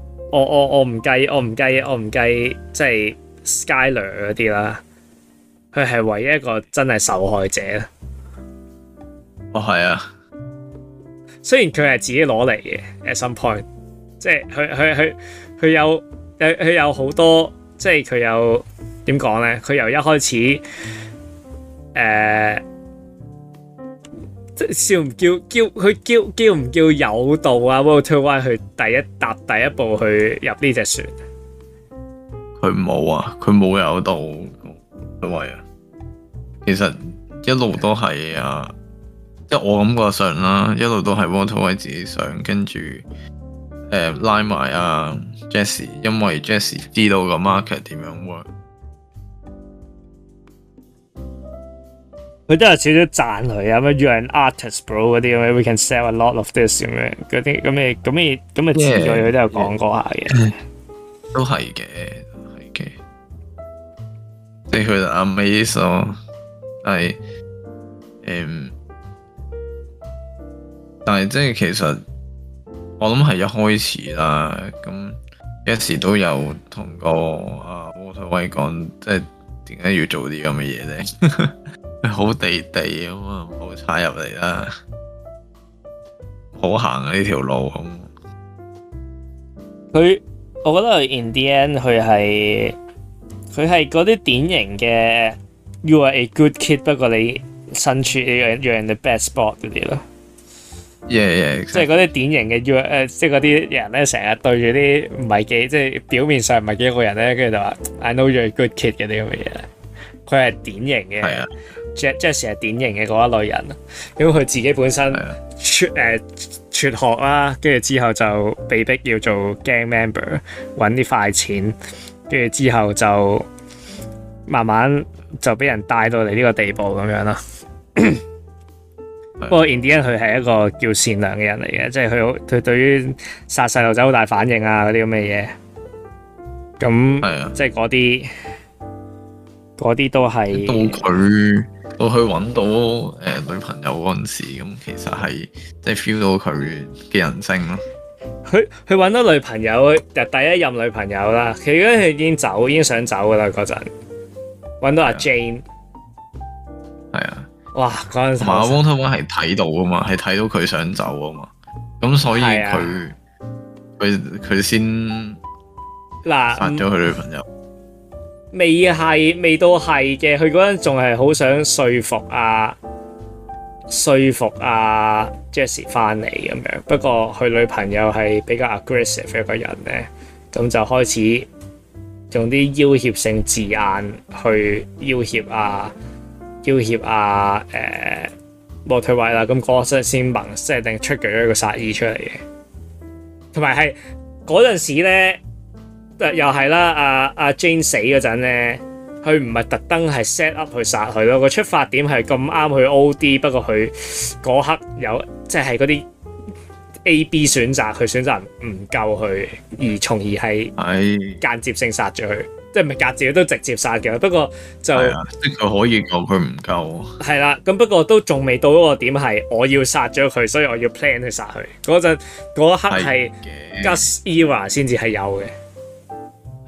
我我我唔計，我唔計，我唔計，即係 Skyler 嗰啲啦。佢係唯一一個真係受害者。哦，係啊。雖然佢係自己攞嚟嘅，at some point，即係佢佢佢佢有佢佢有好多，即係佢有點講咧？佢由一開始，誒、uh。即係笑唔叫，叫，佢叫，叫唔叫有道啊！Walter White 佢第一搭第一步去入呢隻船，佢冇啊！佢冇有，有道，喂啊！其實一路都係啊、嗯，即係我感覺上啦，一路都係 Walter White 自己上，跟住誒拉埋啊 Jesse，因為 Jesse 知道個 market 點樣 work 佢都有少少讚佢啊，咩 you're an artist, bro 嗰啲咁樣，we can sell a lot of this 咁樣嗰啲咁嘅咁嘅咁嘅詞句，佢都有講過下嘅、yeah, yeah, yeah. 都係嘅，係嘅。你佢 amaze 咗係誒，但係即係其實我諗係一開始啦，咁一時都有同個 Walter White 講，即係點解要做啲咁嘅嘢咧？ 好地地啊，唔好踩入嚟啦。好行啊呢條路，佢我覺得佢 in the end 佢係佢係嗰啲典型嘅 you are a good kid，不過你身處 the the best spot 嗰啲咯。耶耶，即係嗰啲典型嘅 you 誒，即係嗰啲人咧，成日對住啲唔係幾即係表面上唔係幾好人咧，跟住就話 I know you're a good kid 嗰啲咁嘅嘢，佢係典型嘅。係啊。Jesse 係典型嘅嗰一類人，因為佢自己本身輟誒輟學啦，跟住之後就被逼要做 gang member，搵啲快錢，跟住之後就慢慢就俾人帶到嚟呢個地步咁樣啦。 不過 Andy 佢係一個叫善良嘅人嚟嘅，即係佢好佢對於殺細路仔好大反應啊嗰啲咁嘅嘢，咁即係嗰啲嗰啲都係佢。我去揾到誒、呃、女朋友嗰陣時，咁其實係即係 feel 到佢嘅人性咯。佢佢揾到女朋友，就第一任女朋友啦。佢嗰佢已經走，已經想走噶啦嗰陣。揾到阿 Jane，係啊，啊！哇！嗰陣同埋啊 Walter 係睇到啊嘛，係睇到佢想走啊嘛。咁所以佢佢佢先嗱殺咗佢女朋友。未係，未到係嘅。佢嗰陣仲係好想說服啊，說服啊 Jesse 翻嚟咁樣。不過佢女朋友係比較 aggressive 嘅一個人咧，咁就開始用啲要挾性字眼去要挾啊，要挾啊，誒、啊，莫退位啦。咁嗰陣先萌，即係定出咗一個殺意出嚟嘅。同埋係嗰陣時咧。又係啦，阿、啊、阿、啊、Jane 死嗰陣咧，佢唔係特登係 set up 去殺佢咯。個出發點係咁啱去 O D，不過佢嗰刻有即係嗰啲 A B 選擇，佢選擇唔救佢，而從而係間接性殺咗佢，即係唔係隔住都直接殺嘅。不過就即係可以救佢唔救，係啦。咁不過都仲未到嗰個點係我要殺咗佢，所以我要 plan 去殺佢嗰陣嗰刻係 Gus era 先至係有嘅。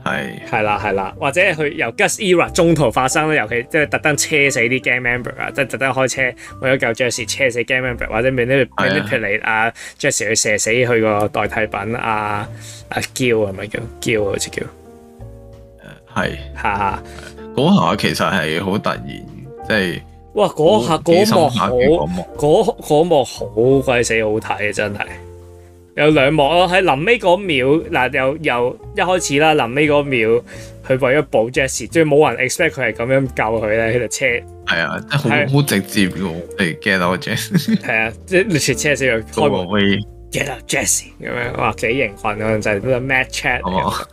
係係啦係啦，或者佢由 Gus era 中途發生咧，尤其即係特登車死啲 game member 啊，即係特登開車為咗救 Jesse 車死 game member，或者 manipulate 啊 Jesse 去射死佢個代替品啊啊 Gill 係咪叫 Gill 好似叫，誒係下，嗰下其實係好突然，即係哇嗰下嗰幕，幕好嗰幕好鬼死好睇啊真係。有兩幕咯，喺臨尾嗰秒，嗱又又一開始啦，臨尾嗰秒佢為咗保 Jesse，即係冇人 expect 佢係咁樣救佢咧，喺度車。係啊，真係好直接嘅，啊，get out of Jesse。係啊，即係列車先去開 way，get Jesse 咁樣哇幾型訓，就係、是、match chat、oh。哦。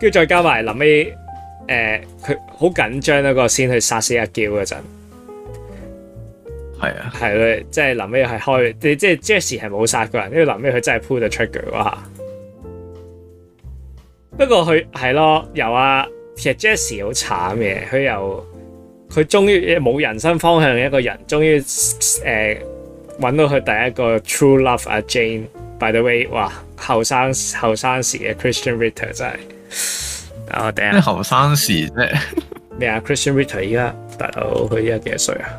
跟住再加埋臨尾，誒佢好緊張嗰個先去殺死阿 Gale 嗰陣。係啊，係咯，即係臨尾係開，你即係 Jesse 係冇殺過人，因為臨尾佢真係 put 咗出句哇。不過佢係咯，由啊其實 Jesse 好慘嘅，佢又，佢終於冇人生方向嘅一個人，終於誒搵到佢第一個 true love 阿 Jane。By the way，哇，後生後生時嘅 Christian Ritter 真係，我頂。咩後生時咩？咩啊？Christian Ritter 而家大佬，佢而家幾歲啊？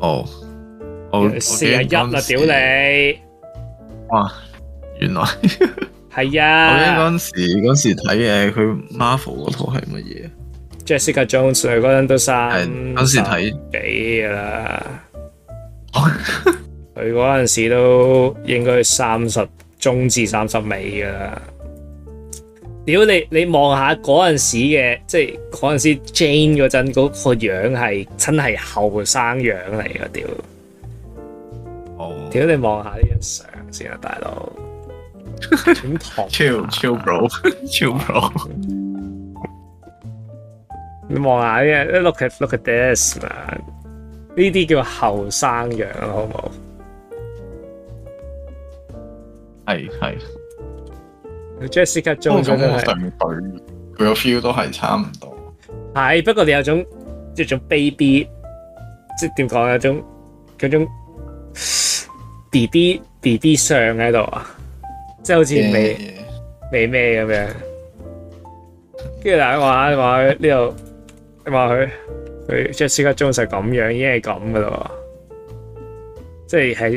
哦、oh,，四十一啦，屌你！哇，原來係 啊！我嗰陣時，嗰陣時睇誒，佢 Marvel 嗰套係乜嘢？Jessica Jones，佢嗰陣都三，嗰陣時睇幾噶啦。佢嗰陣時都應該三十中至三十尾噶啦。屌你！你望下嗰陣時嘅，即係嗰陣時 Jane 嗰陣嗰個樣係真係後生樣嚟，oh. 個屌。哦！屌，你望下呢張相先啦，啊，大佬。超超 pro，超 pro。Chill, chill bro. Chill bro. 你望下呢？Look at look at this 呢啲叫後生樣好唔好？係係。Jessica Jones 佢、嗯、個 feel 都係差唔多。係、嗯嗯嗯，不過你有一種即係種 baby，即係點講啊？有一種嗰種 baby baby 相喺度啊，即、就、係、是、好似未未咩咁樣。跟住大家話話佢呢度，話佢佢 Jessica Jones 就係咁樣，已經係咁噶啦，即係係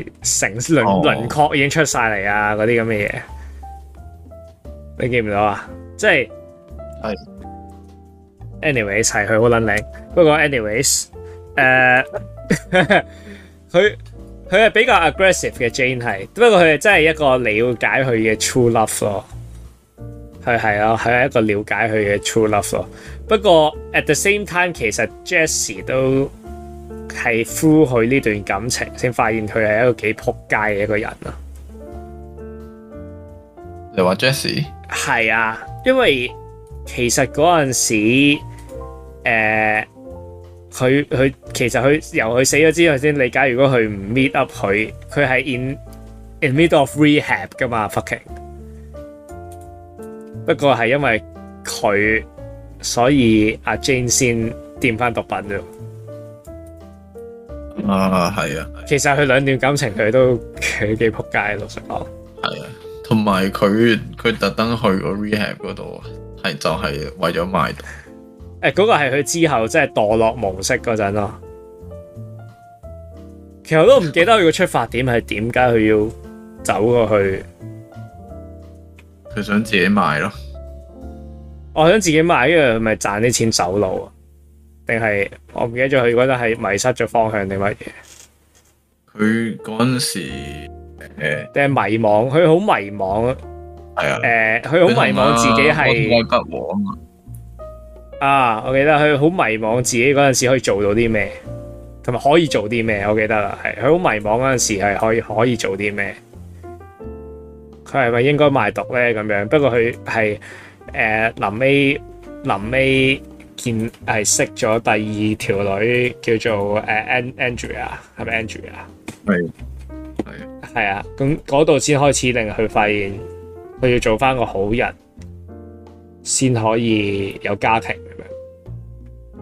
成輪廓已經出晒嚟啊，嗰啲咁嘅嘢。你看不見唔到啊？即係係，anyways 係佢好撚靚。不過 anyways，誒、呃，佢佢係比較 aggressive 嘅 Jane 係，不過佢係真係一個了解佢嘅 true love 咯。佢係啊，係一個了解佢嘅 true love 咯。不過 at the same time，其實 Jesse 都係 through 佢呢段感情先發現佢係一個幾扑街嘅一個人啊。你話 Jesse? 係啊，因為其實嗰陣時，誒、呃，佢佢其實佢由佢死咗之後先理解，如果佢唔 meet up 佢，佢係 in in middle of rehab 噶嘛 fucking，mm -hmm. 不過係因為佢，所以阿、啊、Jane 先掂翻毒品啫。啊係啊，啊，其實佢兩段感情佢都佢幾扑街老實講。係啊。同埋佢佢特登去 rehab，就是哎那個 rehab 嗰度，係就係為咗賣毒誒，嗰個係佢之後即係墮落模式嗰陣咯。其實我都唔記得佢個出發點係點解佢要走過去。佢想自己賣咯。我想自己賣，因為佢咪賺啲錢走路啊？定係我唔記得咗佢覺得係迷失咗方向定乜嘢？佢嗰陣時。誒，即係迷茫，佢、哎、好、呃、迷茫，係啊，誒，佢好迷茫自己係啊！我記得佢好迷茫自己嗰陣時可以做到啲咩，同埋可以做啲咩，我記得啦，係佢好迷茫嗰陣時係可以可以做啲咩？佢係咪應該賣毒咧？咁樣不過佢係誒臨尾臨尾見係識咗第二條女叫做誒 Andrea d 係咪 Andrea 係。呃 Andrea, 是係啊，咁嗰度先開始令佢發現佢要做翻個好人，先可以有家庭，咁唔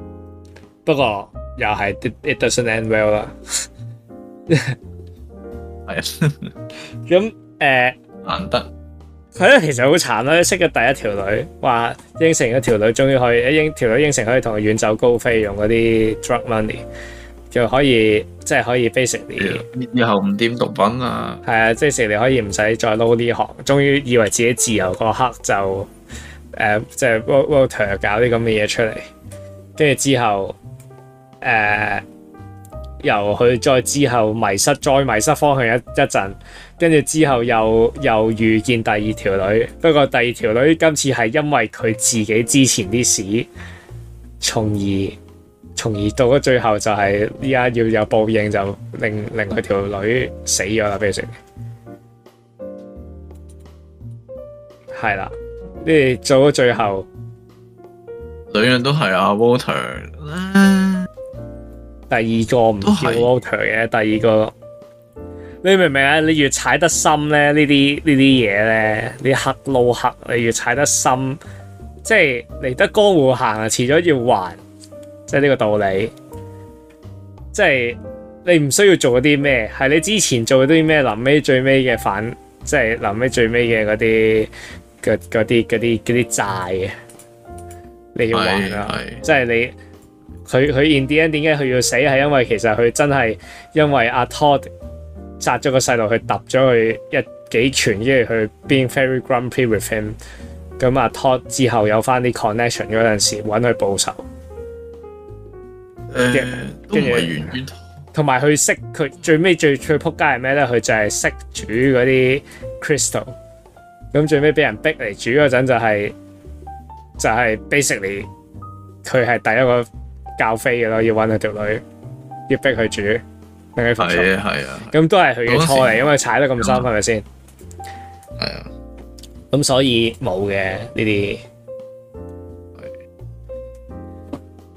不過又係，it doesn't end well 啦。係 啊 ，咁、呃、誒、難得佢咧，其實好慘啦，識咗第一條女，話應承一條女，終於可以、嗯、條應條女應承可以同佢遠走高飛，用嗰啲 drug money。就可以即係、就是、可以 basic 以後唔掂毒品是啊，係啊 basic 可以唔使再撈呢行。終於以為自己自由嗰刻就誒，即、呃、係、就是、water 搞啲咁嘅嘢出嚟，跟住之後誒、呃，又去再之後迷失，再迷失方向一一陣，跟住之後又又遇見第二條女，不過第二條女今次係因為佢自己之前啲事，從而。從而到咗最後就係依家要有報應，就令令佢條女死咗啦，變成係啦，你哋做咗最後兩樣都係阿、啊、Walter，第二個唔叫 Walter 嘅，第二個，Walter, 第二個你明唔明啊？你越踩得深咧，呢啲呢啲嘢咧，你黑路黑，你越踩得深，即係嚟得江湖行啊，遲咗要還。即係呢個道理，即係你唔需要做啲咩，係你之前做啲咩臨尾最尾嘅反，即係臨尾最尾嘅嗰啲嗰啲嗰啲嗰啲債啊，你要還啊！即係你佢佢 in the end 點解佢要死？係因為其實佢真係因為阿 Todd 殺咗個細路，佢揼咗佢一幾拳，跟住佢 being very grumpy with him，咁啊 Todd 之後有翻啲 connection 嗰陣時揾佢報仇。跟住同埋佢識佢最尾最最仆街係咩咧？佢就係識煮嗰啲 crystal，咁最尾俾人逼嚟煮嗰陣就係、是、就係、是、basically 佢係第一個教飛嘅咯，要搵佢條女，要逼佢煮。係啊係啊，咁、啊、都係佢嘅錯嚟、那個，因為踩得咁深，係咪先？係啊，咁所以冇嘅呢啲。沒有的這些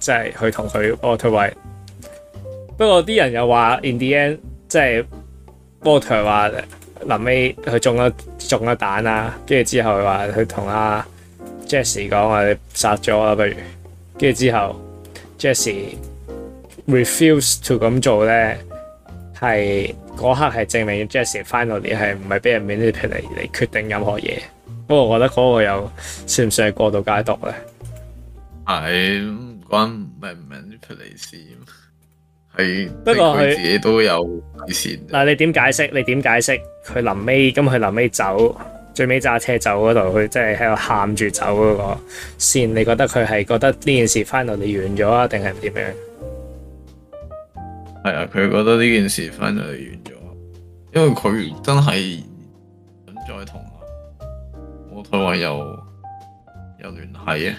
即係佢同佢 water 位，不過啲人又話 in the end 即係 water 話臨尾佢中咗中咗彈啦，跟住之後佢話佢同阿 Jesse 講話你殺咗啦，不如，跟住之後 Jesse refuse to 咁做咧，係嗰 刻係證明 Jesse finally 係唔係俾人 manipulate 嚟決定任何嘢，不過我覺得嗰個又算唔算係過度解讀咧？係。關唔係唔明出嚟線。係不過佢自己都有線嗱。你點解釋？你點解釋？佢臨尾咁，佢臨尾走最尾揸車走嗰度，佢即係喺度喊住走嗰個線。你覺得佢係覺得呢件事翻到嚟，完咗啊？定係點樣？係啊，佢覺得呢件事翻到嚟，完咗，因為佢真係想再同我，我同我又有聯繫啊。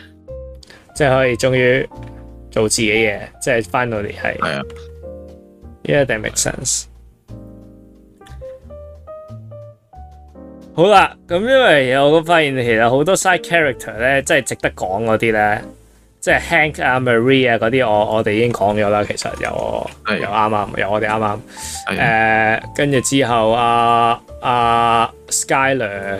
即係可以，終於做自己嘢，即係翻到嚟係。係啊，yeah that make sense。好啦，咁因為我都發現，其實好多 side character 咧，即係值得講嗰啲咧，即係 Hank 啊、Marie 啊嗰啲，我我哋已經講咗啦。其實有我，yeah. 有啱啱，有我哋啱啱。誒、yeah. 呃，跟住之後啊啊，Skyler。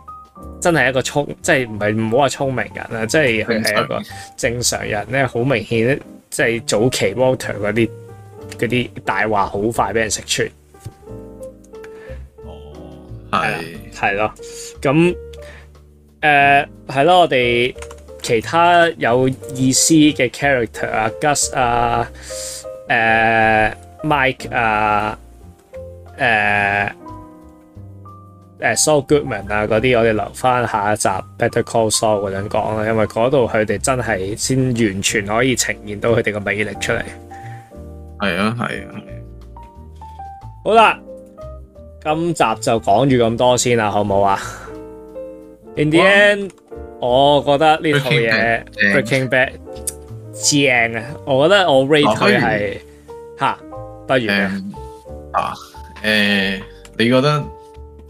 真係一個聰，即係唔係唔好話聰明人啦，即係佢係一個正常人咧，好明顯，即係早期 Walter 嗰啲嗰啲大話好快俾人識穿。哦，係係咯，咁誒係咯，我哋其他有意思嘅 character 啊，Gus 啊，誒、呃、Mike 啊，誒、呃。誒，Saul Goodman 啊，嗰啲我哋留翻下，下一集 Better Call Saul 嗰陣講啦，因為嗰度佢哋真係先完全可以呈現到佢哋嘅魅力出嚟。係啊，係啊。好啦，今集就講住咁多先啦，好唔好啊？In the end，well, 我覺得呢套嘢 Breaking, Breaking Bad 正啊，我覺得我 rate 佢係吓，不如，不如、uh, 啊？誒，uh，你覺得？